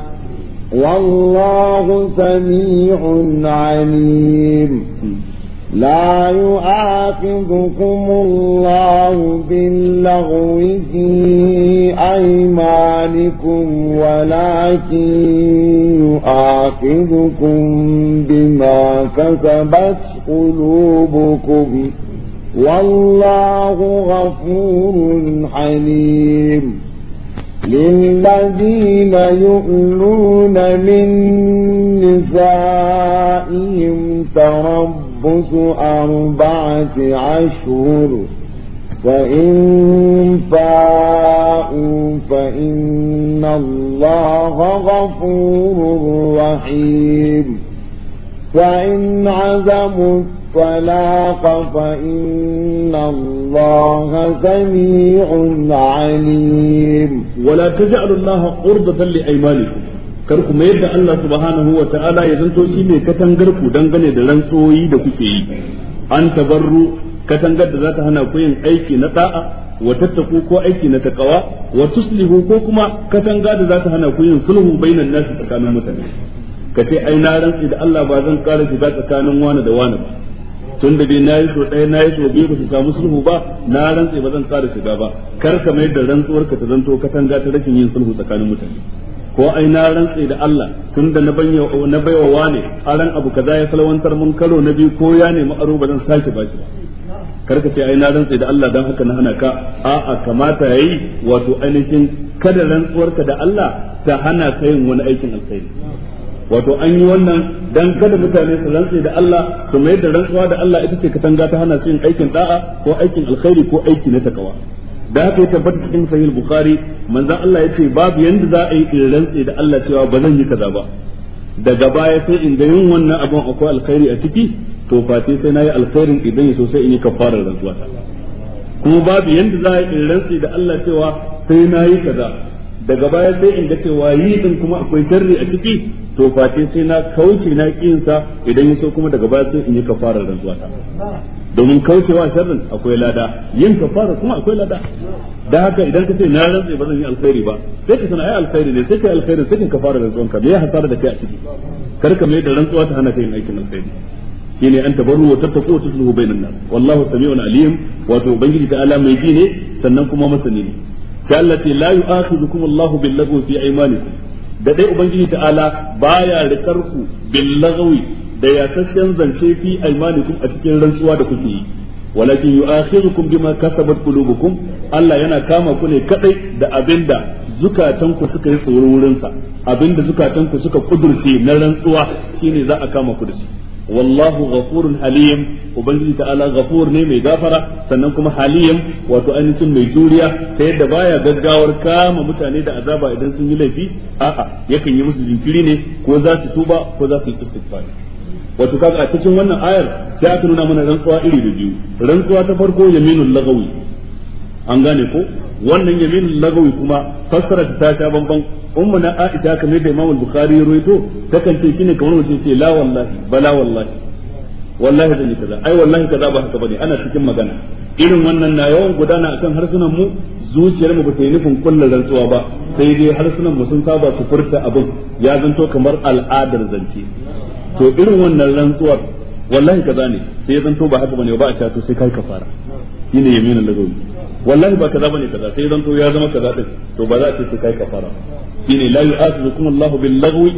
والله سميع عليم لا يؤاخذكم الله باللغو في أيمانكم ولكن يؤاخذكم بما كسبت قلوبكم والله غفور حليم للذين يؤلون من نسائهم تربوا أنفس أربعة أشهر فإن فاءوا فإن الله غفور رحيم فإن عزموا الطلاق فإن الله سميع عليم ولا تجعلوا الله قربة لأيمانكم kar ku mayar da Allah subhanahu wa ta'ala ya zanto shi ne katangar ku dangane da rantsoyi da kuke yi an tabarru katangar da za ta hana ku yin aiki na da'a wa tattaku ko aiki na takawa wa tuslihu ko kuma katanga da za ta hana ku yin sulhu bainan nasi tsakanin mutane ka ce ai na rantsi da Allah ba zan shi shiga tsakanin wani da wani ba tun da dai nayi so ɗaya nayi so biyu ba su samu sulhu ba na rantsi ba zan kare shiga ba kar ka mayar da rantsuwar ka ta zanto katanga ta rashin yin sulhu tsakanin mutane ko ai na rantsi da Allah tunda na banyo na baiwa wane aran abu kaza ya salawantar mun karo na biyu ko ya nemi aro ba zan sake ba shi kar ka ce ai na rantsi da Allah dan haka na hana ka a'a kamata yayi wato ainihin kada rantsuwarka da Allah ta hana ka yin wani aikin alkhairi wato an yi wannan dan kada mutane su rantse da Allah su mai da rantsuwa da Allah ita ce katanga ta hana su yin aikin da'a ko aikin alkhairi ko aiki na takawa da haka ya tabbata cikin sahih bukhari manzon Allah yace babu yanda za a yi in da Allah cewa ba zan yi kaza ba daga baya sai in ga yin wannan abin akwai alkhairi a ciki to fa sai nayi alkhairin idan ya so sai in yi kafarar rantsuwa kuma babu yanda za a yi in da Allah cewa sai nayi kaza daga baya sai in ga cewa yi din kuma akwai sharri a ciki to fa sai na kauce na kiyinsa idan ya so kuma daga baya sai in yi kafarar rantsuwa domin kaucewa sharrin akwai lada yin kafara kuma akwai lada da haka idan ka ce na rantsa ba zan yi alkhairi ba sai ka sana ai alkhairi ne sai ka alkhairi sai ka kafara da tsohon me ya hasara da kai a ciki kar ka mai da rantsuwa ta hana kai yin aikin alkhairi shine an tabarru wa tattaqu wa tusluhu bainan nas wallahu sami'un alim wato ubangiji ta'ala mai ji ne sannan kuma masani ne sai Allah ce la yu'akhidhukum Allahu bil lagwi fi aymanikum da dai ubangiji ta'ala baya rikar ku bil lagwi da yasasshen zance fi aymanikum a cikin rantsuwa da kuke yi walakin yu'akhirukum bima kasabat qulubukum Allah yana kama ku ne kadai da abinda zukatanku suka yi tsoro wurin sa abinda zukatanku suka kudurce na rantsuwa shine za a kama ku da shi wallahu ghafurun halim ubangiji ta'ala ghafur ne mai gafara sannan kuma halim wato ainihin mai juriya ta yadda baya gaggawar kama mutane da azaba idan sun yi laifi a'a yakan yi musu jinkiri ne ko za su tuba ko za su yi istighfar wato kaga a cikin wannan ayar sai aka nuna mana rantsuwa iri da biyu rantsuwa ta farko yaminul lagawi an gane ko wannan yaminul lagawi kuma fassara ta ta banban umma na Aisha kamar da Imam Bukhari ya rawaito ta kan ce shine kamar wace ce la wallahi bala wallahi wallahi zan yi kaza ai wallahi kaza ba haka bane ana cikin magana irin wannan na yawan gudana akan harsunan mu zuciyar mu ta yi nufin kulla rantsuwa ba sai dai harsunan mu sun saba su furta abin ya zanto kamar al'adar zance to irin wannan rantsuwar wallahi kaza ne sai ya zanto ba haka bane ba a cato sai kai kafara shine yaminin lagobi wallahi ba kaza bane kaza sai zanto ya zama kaza din to ba za a ce sai kai kafara shine la yu'akhidhukum Allahu bil lagwi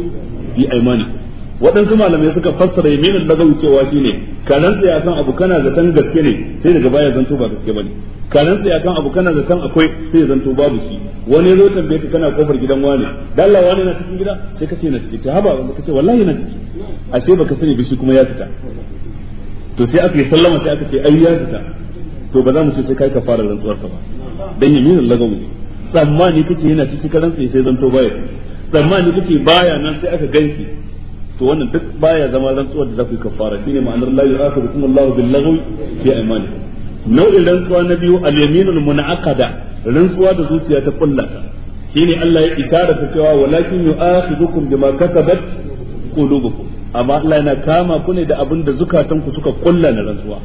bi aymanikum waɗansu malamai suka fassara yamin da zan cewa shi ne ka rantsa akan abu kana zaton gaske ne sai daga baya zanto ba gaske ne ka rantsa akan abu kana zaton akwai sai zanto babu shi wani zo tambaye ka kana kofar gidan wani da Allah wani na cikin gida sai ka ce na cikin ta haba ka ce wallahi na cikin ashe baka sani ba shi kuma ya fita to sai aka yi sallama sai aka ce ai ya fita to ba za mu ce sai kai ka fara rantsuwar ka ba dan yaminin lagawu ne tsammani kace yana cikin karantsi sai zanto baya tsammani kace baya nan sai aka ganki to wannan duk baya zama rantsuwar da za ku yi kafara shine ma'anar la yu'akhidhukum Allahu bil laghwi fi aymanikum nau'in rantsuwa na biyu al-yaminul munaqada rantsuwa da zuciya ta kullata shine Allah ya isara ta cewa walakin yu'akhidhukum bima kasabat qulubukum amma Allah yana kama ku ne da abin da zukatanku suka kulla na rantsuwa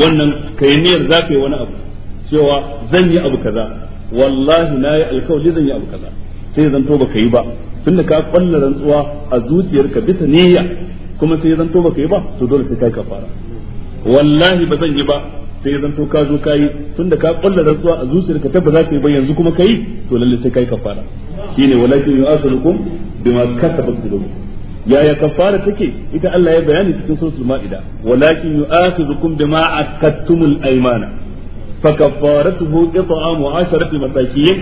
wannan kai niyyar zafe wani abu cewa zan yi abu kaza wallahi na yi alkawali zan yi abu kaza sai zanto baka yi ba tunda ka kwalla rantsuwa a zuciyarka bisa niyya kuma sai zanto baka yi ba to dole sai kai kafara wallahi ba zan yi ba sai zanto ka zo ka yi tunda ka kwalla rantsuwa a zuciyarka ta ba za ka yi ba yanzu kuma ka yi to lalle sai kai kafara shine walakin yu'akhidhukum bima kasabat qulubukum yaya kafara take ita Allah ya bayani cikin suratul maida walakin yu'akhidhukum bima akattumul aymana فكفارته إطعام عشرة مساكين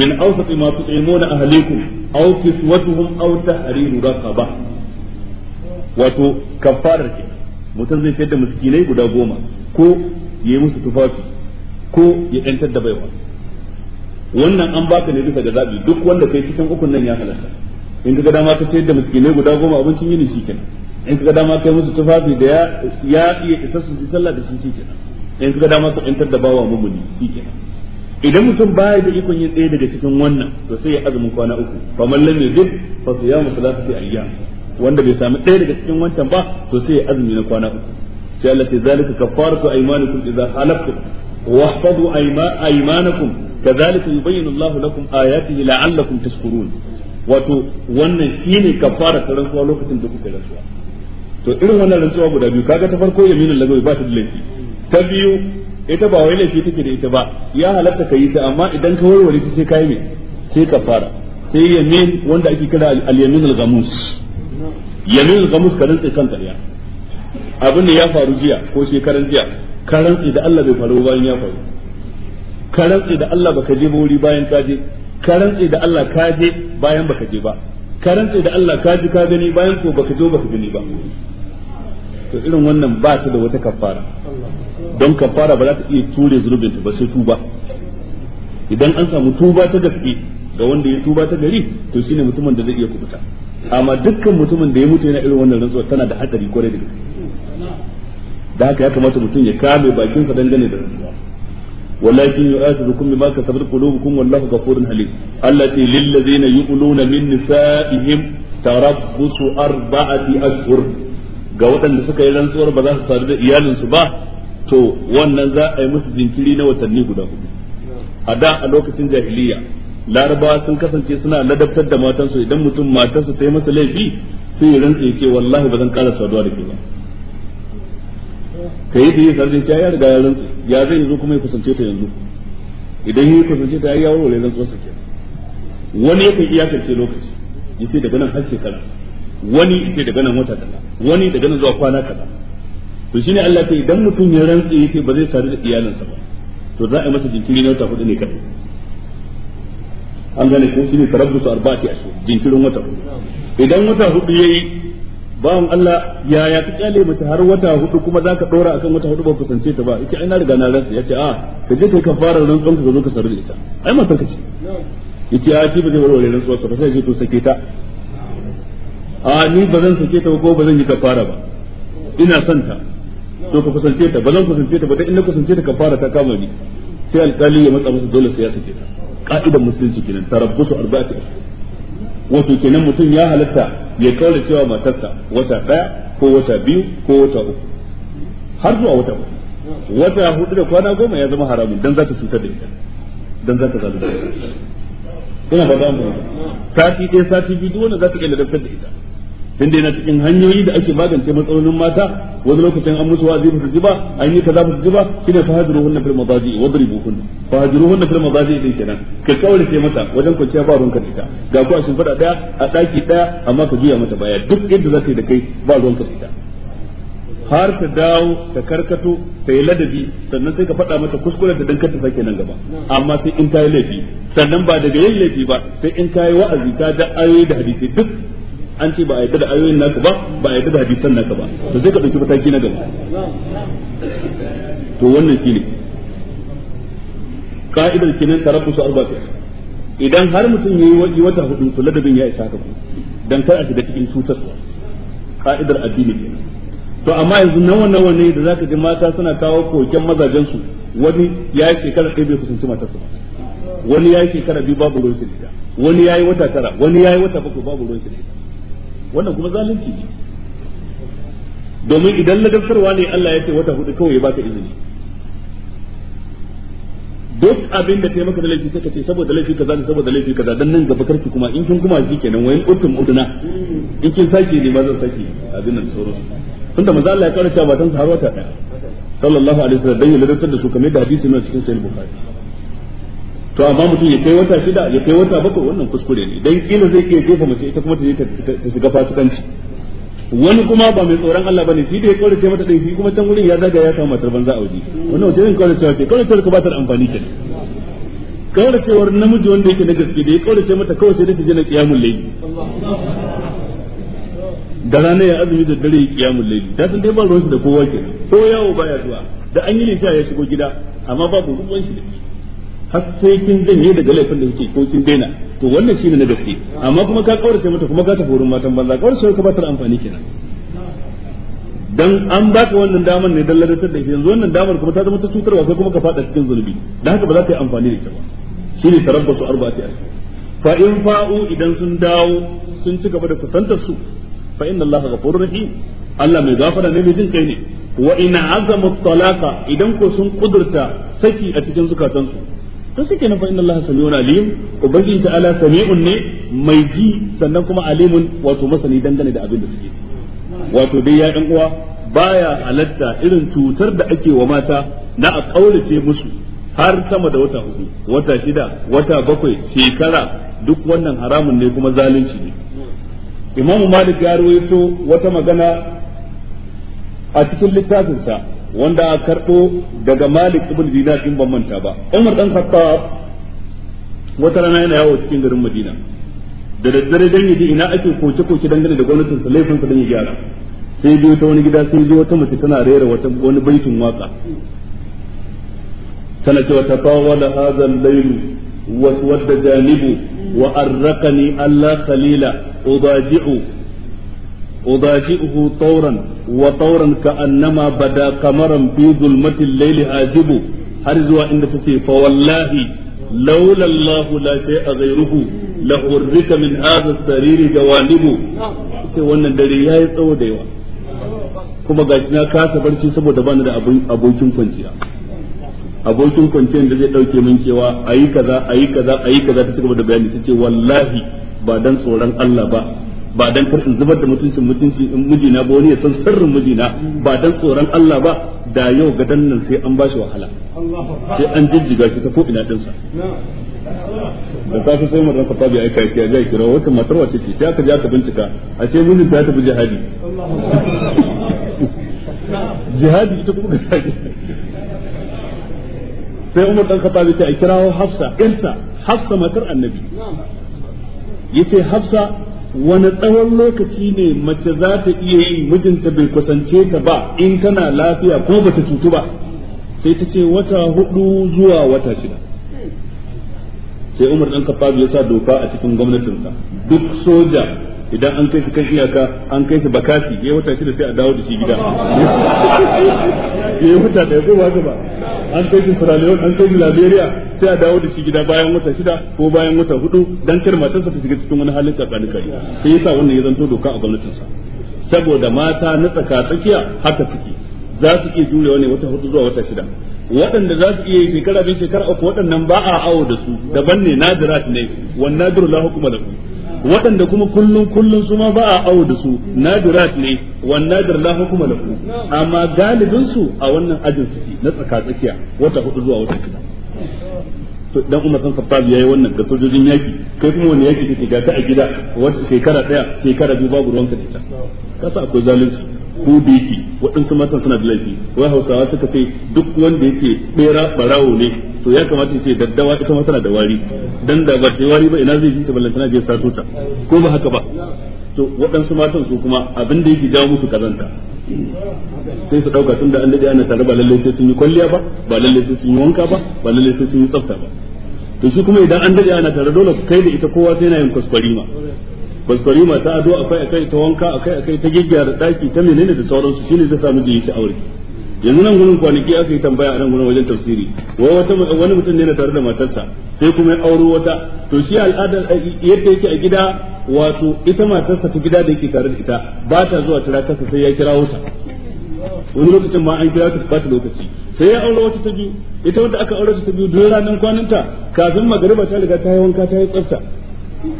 من أوسط ما تطعمون أهليكم أو كسوتهم أو تحرير رقبة wato kafarar ke mutum zai fiyar da miskinai guda goma ko ya yi musu tufafi ko ya ɗantar da baiwa wannan an baka ne bisa ga zaɓi duk wanda kai cikin ukun nan ya halatta in ka dama ka fiyar da miskinai guda goma abincin yini shi kenan in ka dama kai musu tufafi da ya iya isa su sallah da shi kenan in suka dama su intar da bawa mumuni idan mutum baya da ikon yin ɗaya daga cikin wannan to sai ya azumin kwana uku fa man lam yajid fa siyamu thalathati ayyam wanda bai sami ɗaya daga cikin wancan ba to sai ya azumi na kwana uku sai Allah ce zalika kafaratu aymanikum idza halaftum واحفظوا أيمانكم كذلك يبين الله لكم آياته لعلكم تشكرون wato wannan shine kafara ta rantsuwa lokacin da kuka rantsuwa to irin wannan rantsuwa guda biyu kaga ta farko yaminin lagawi ba da laifi ta biyu ita ba wai laifi take da ita ba ya halatta ka yi ta amma idan ka warware ta sai ka yi mai sai ka fara sai yamin wanda ake kira al-yamin al-gamus yamin al-gamus ka sai kan ƙarya abin da ya faru jiya ko shekaran jiya ka sai da Allah bai faru bayan ya faru ka sai da Allah baka je ba wuri bayan ka je ka sai da Allah ka je bayan baka je ba ka sai da Allah ka ji ka gani bayan ko baka zo baka gani ba to irin wannan ba ta da wata kafara don kafara ba za ta iya ture zunubin ta ba sai tuba idan an samu tuba ta gaske ga wanda ya tuba ta gari to shine mutumin da zai iya kubuta amma dukkan mutumin da ya mutu yana irin wannan rantsuwa tana da hadari kwarai da gaske da haka ya kamata mutum ya kame bakinsa dangane da rantsuwa ولكن يؤاخذكم بما كسبت قلوبكم والله غفور حليم التي للذين يؤلون من نسائهم تربص أربعة أشهر ga waɗanda suka yi rantsuwar ba za su sadu da iyalinsu ba to wannan za a yi musu jinkiri na watanni guda hudu a da a lokacin jahiliya larabawa sun kasance suna ladabtar da matansu idan mutum matarsa ta yi masa laifi sun yi rantsa ya ce wallahi ba zan ƙara saduwa da ke ba ka yi fiye sarjin ta ya riga ya rantsa ya zai yanzu kuma ya kusance ta yanzu idan ya kusance ta ya warware rantsuwar sa ke wani ya yakan iyakance lokaci ya ce daga nan har shekara wani ya ce daga nan wata kaza wani daga nan zuwa kwana kaza to ne Allah ta yi, idan mutum ya rantsi ya ba zai sadu da iyalinsa ba to za a yi masa jinkiri na wata hudu ne kadai an gane ko shine tarabbusu arba'ati ashhur jinkirin wata hudu idan wata hudu ba bawan Allah ya ya ka kyale mace har wata hudu kuma za ka dora akan wata hudu ba kusance ta ba ita ai na riga na rantsi. ya ce a ka je kai kafarar rantsan ka zo ka sadu da ita ai matan ka ce yace a shi ba zai warware rantsuwar sa ba sai ya to sake ta a ni ba zan sake ta ko ba zan yi kafara ba ina son ta to ku kusance ta ba zan kusance ta ba dai in na kusance ta kafara ta kama ni sai alƙali ya matsa masa dole sai ya sake ta ka'idar musulunci kenan tarabbusu arba'ati wato kenan mutum ya halatta ya kaura cewa matarsa wata daya ko wata biyu ko wata uku har zuwa wata uku wata hudu da kwana goma ya zama haramun dan za ta cutar da ita dan za ta zalu da ita ina ba da mu sati ɗaya sati biyu duk wanda za ta iya ladabtar da ita inda yana cikin hanyoyi da ake magance matsalolin mata wani lokacin an musu wa'azi ba su an yi kaza ba ziba ji ba shine fahajruhunna fil madaji wadribuhunna fahajruhunna fil madaji din kenan ka kaurace mata wajen kwanciya ba ruwan ita ga ku a fada daya a daki daya amma ka juya mata baya duk yadda za ta yi da kai ba ruwan ita har ta dawo ta karkato ta yi ladabi sannan sai ka faɗa mata kuskure da dankarta ke nan gaba amma sai in ta yi laifi sannan ba daga yin laifi ba sai in ka yi wa'azi ta da ayoyi da hadisi duk an ce ba a yadda da ayoyin naka ba ba a yadda da hadisan naka ba to sai ka dauki mataki na gaba to wannan shine ka'idar kenan tarafu su arba'a idan har mutum yayi wata hudu to ladabin ya isa ka ku dan kar a shiga cikin cutarwa ka'idar addini kenan to amma yanzu nawa nawa ne da zaka ji mata suna kawo koken mazajen su wani ya yi shekara ɗaya bai kusanci su wani ya yi shekara biyu babu ruwan shirya wani ya yi wata tara wani ya yi wata bakwai babu ruwan shirya wannan kuma zalunci ne domin idan ladabtarwa ne Allah ya ce wata hudu kawai ya baka izini duk abin da ta maka da laifi sai ka ce saboda laifi kaza ne saboda laifi kaza dan nan gaba karki kuma in kin kuma shi kenan wayin urtum uduna in kin sake ne ma zan sake abin nan sauransu tunda manzo Allah ya karanta ba tan har wata daya sallallahu alaihi wasallam dan ya ladabtar da su kamar da hadisi ne cikin sahih bukhari to amma mutum ya kai wata shida ya kai wata bakwai wannan kuskure ne dan kila zai iya jefa mace ita kuma ta ta shiga fasikanci wani kuma ba mai tsoron Allah bane shi da ya kaurace mata dai shi kuma can wurin ya zaga ya samu matar banza a waje wannan wace irin kaurace ce kaurace ka ba ta da amfani kenan kauracewar namiji wanda yake na gaske da ya kaurace mata kawai sai ta je na kiyamul layli da ranar ya azumi da dare kiyamul layli da san dai ba ruwan shi da kowa ke ko yawo baya zuwa da an yi lisha ya shigo gida amma babu ruwan shi da shi har sai kin janye daga laifin da kuke ko kin daina to wannan shine na gaske amma kuma ka kaurace mata kuma ka tafi wurin matan banza kaurace ka ba ta amfani kenan dan an ba ka wannan damar ne dan ladatar da shi yanzu wannan damar kuma ta zama ta cutarwa sai kuma ka fada cikin zulubi dan haka ba za ka yi amfani da ita ba shine tarabbasu arba'ati ashhur fa in fa'u idan sun dawo sun ci gaba da kusantar su fa inna allaha ghafurur rahim Allah mai gafara ne mai jin kai ne wa in azama talaqa idan ko sun kudurta saki a cikin zukatansu to suke kenan fa inna allah sami'un alim ta ala sami'un ne mai ji sannan kuma alimun wato masani dangane da abin da suke wato dai ya ɗan uwa baya halatta irin cutar da ake wa mata na a ƙaurace musu har sama da wata uku wata shida wata bakwai shekara duk wannan haramun ne kuma zalunci ne imamu malik ya rawaito wata magana a cikin littafinsa wanda a karɓo daga Malik ibn Dinar in ban manta ba Umar dan Khattab wata rana yana yawo cikin garin Madina da daddare dan yaji ina ake koce koce dangane da gwamnatin sa laifin sa dan ya gyara sai biyo ta wani gida sai biyo wata mace tana rera wata wani baitin waka tana cewa tafawala hadha al-layl wa tawadda janibu wa arraqani Allah khalila udaji'u udaji'uhu tawran wa tauran ka annama bada kamaran bi zulmatil layli ajibu har zuwa inda take fa wallahi laula allah la sai azairuhu la urrika min hada sariri dawalibu sai wannan dare yayi tsawo da yawa kuma gashi kasa barci saboda bani da abokin kwanciya abokin kwanciyan da zai ɗauke min cewa ayi kaza ayi kaza ayi kaza ta cikin da bayani tace wallahi ba dan tsoron allah ba ba dan kar in zubar da mutuncin mutunci in mijina ba wani ya san sirrin mijina ba dan tsoron Allah ba da yau ga dan nan sai an bashi wahala sai an jijjiga shi ta ko ina din sa da safe sai mun ranka tabi aika ya ga kira wata matar wace ce sai aka ji aka bincika a ce mun ta tafi jihadi jihadi ita kuma ga sai Umar dan Khattab sai a kirawo Hafsa irsa Hafsa matar Annabi yace Hafsa wani tsawon lokaci ne mace za ta iya yin mijinta bai kusance ta ba in tana lafiya ko ba ta cutu ba sai ta ce wata hudu zuwa wata shida sai umar dan kafab ya sa doka a cikin gwamnatinsa duk soja idan an kai shi kan iyaka an kai shi bakasi ya wata shida sai a dawo da shi gida ya wata da ya ba an kai shi Sierra an kai shi Liberia sai a dawo da shi gida bayan wata shida ko bayan wata hudu dan kar matarsa ta shiga cikin wani halin tsakani kai sai yasa wannan ya zanto doka a sa saboda mata na tsaka tsakiya haka suke za su iya jurewa ne wata hudu zuwa wata shida waɗanda za su iya yi shekara biyu shekara uku waɗannan ba a awo da su daban ne nadirat ne wannan duru la hukuma ku waɗanda kuma kullun kullun su ma ba a awo da su nadirat ne wan nadir la hukuma lahu amma galibin su a wannan ajin su na tsaka tsakiya wata hudu zuwa wata shida to dan Umar san kafa yayi wannan ga sojojin yaki kai kuma wani yaki kake ga ta a gida wata shekara daya shekara biyu babu ruwanka da ita kasa akwai zalunci ko da waɗansu matan suna da laifi wai Hausawa suka ce duk wanda yake bera barawo ne to ya kamata ce daddawa ita ma tana da wari dan da ba ta wari ba ina zai ji ta ballantana je sato ta ko ba haka ba to waɗansu matan su kuma abin da yake jawo musu kazanta sai su ɗauka tunda an daɗe ana tare ba lallai sai sun yi kwalliya ba ba lallai sai sun yi wanka ba ba lallai sai sun yi tsafta ba to shi kuma idan an daɗe ana tare dole kai da ita kowa sai yana yin kwaskwarima kwaskwarima ta ado akai akai ta wanka akai akai ta gyaggyara daki ɗaki ta menene da sauransu shine zai samu miji ya sha'awar aure. yanzu nan gurin kwanaki aka yi tambaya a nan gurin wajen tafsiri wai wata wani mutum ne na tare da matarsa sai kuma ya auro wata to shi al'adar eh, yadda yake a gida wato ita matarsa ta gida da yake tare da ita ba ta zuwa tira kasa sai ya kira wuta wani lokacin ma an kira ta ba ta lokaci sai ya auro wata ta biyu ita wanda aka auro ta biyu don ranar kwananta kafin magariba ta riga ta yi wanka ta yi tsafta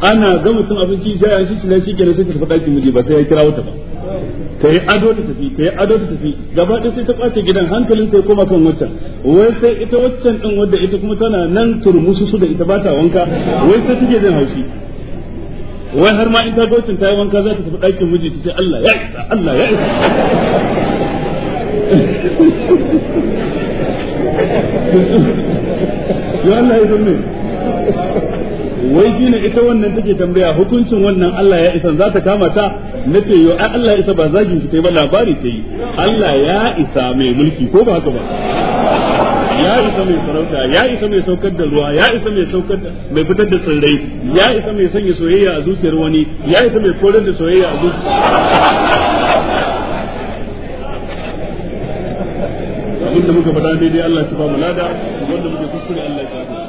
ana ga mutum abinci ya shi shi ne shi kenan sai ta tafi ɗakin miji ba sai ya kira wuta ba ta yi ado ta tafi ta yi ado ta tafi gaba ɗaya sai ta kwace gidan hankalin sai koma kan waccan wai sai ita waccan din wadda ita kuma tana nan turmusu su da ita ba ta wanka wai sai take jin haushi wai har ma in ta gocin ta yi wanka za ta tafi ɗakin miji ta ce Allah ya isa Allah ya isa ya Allah ya zama wai shine ita wannan take tambaya hukuncin wannan Allah ya isa za ta kama ta nace yo ai Allah ya isa ba zagin ki ba labari ta yi Allah ya isa mai mulki ko ba haka ba ya isa mai sarauta ya isa mai saukar da ruwa ya isa mai saukar da mai fitar da tsirrai ya isa mai sanya soyayya a zuciyar wani ya isa mai korar da soyayya a zuciyar abinda muka faɗa daidai Allah shi ba mu lada wanda muke kuskure Allah ya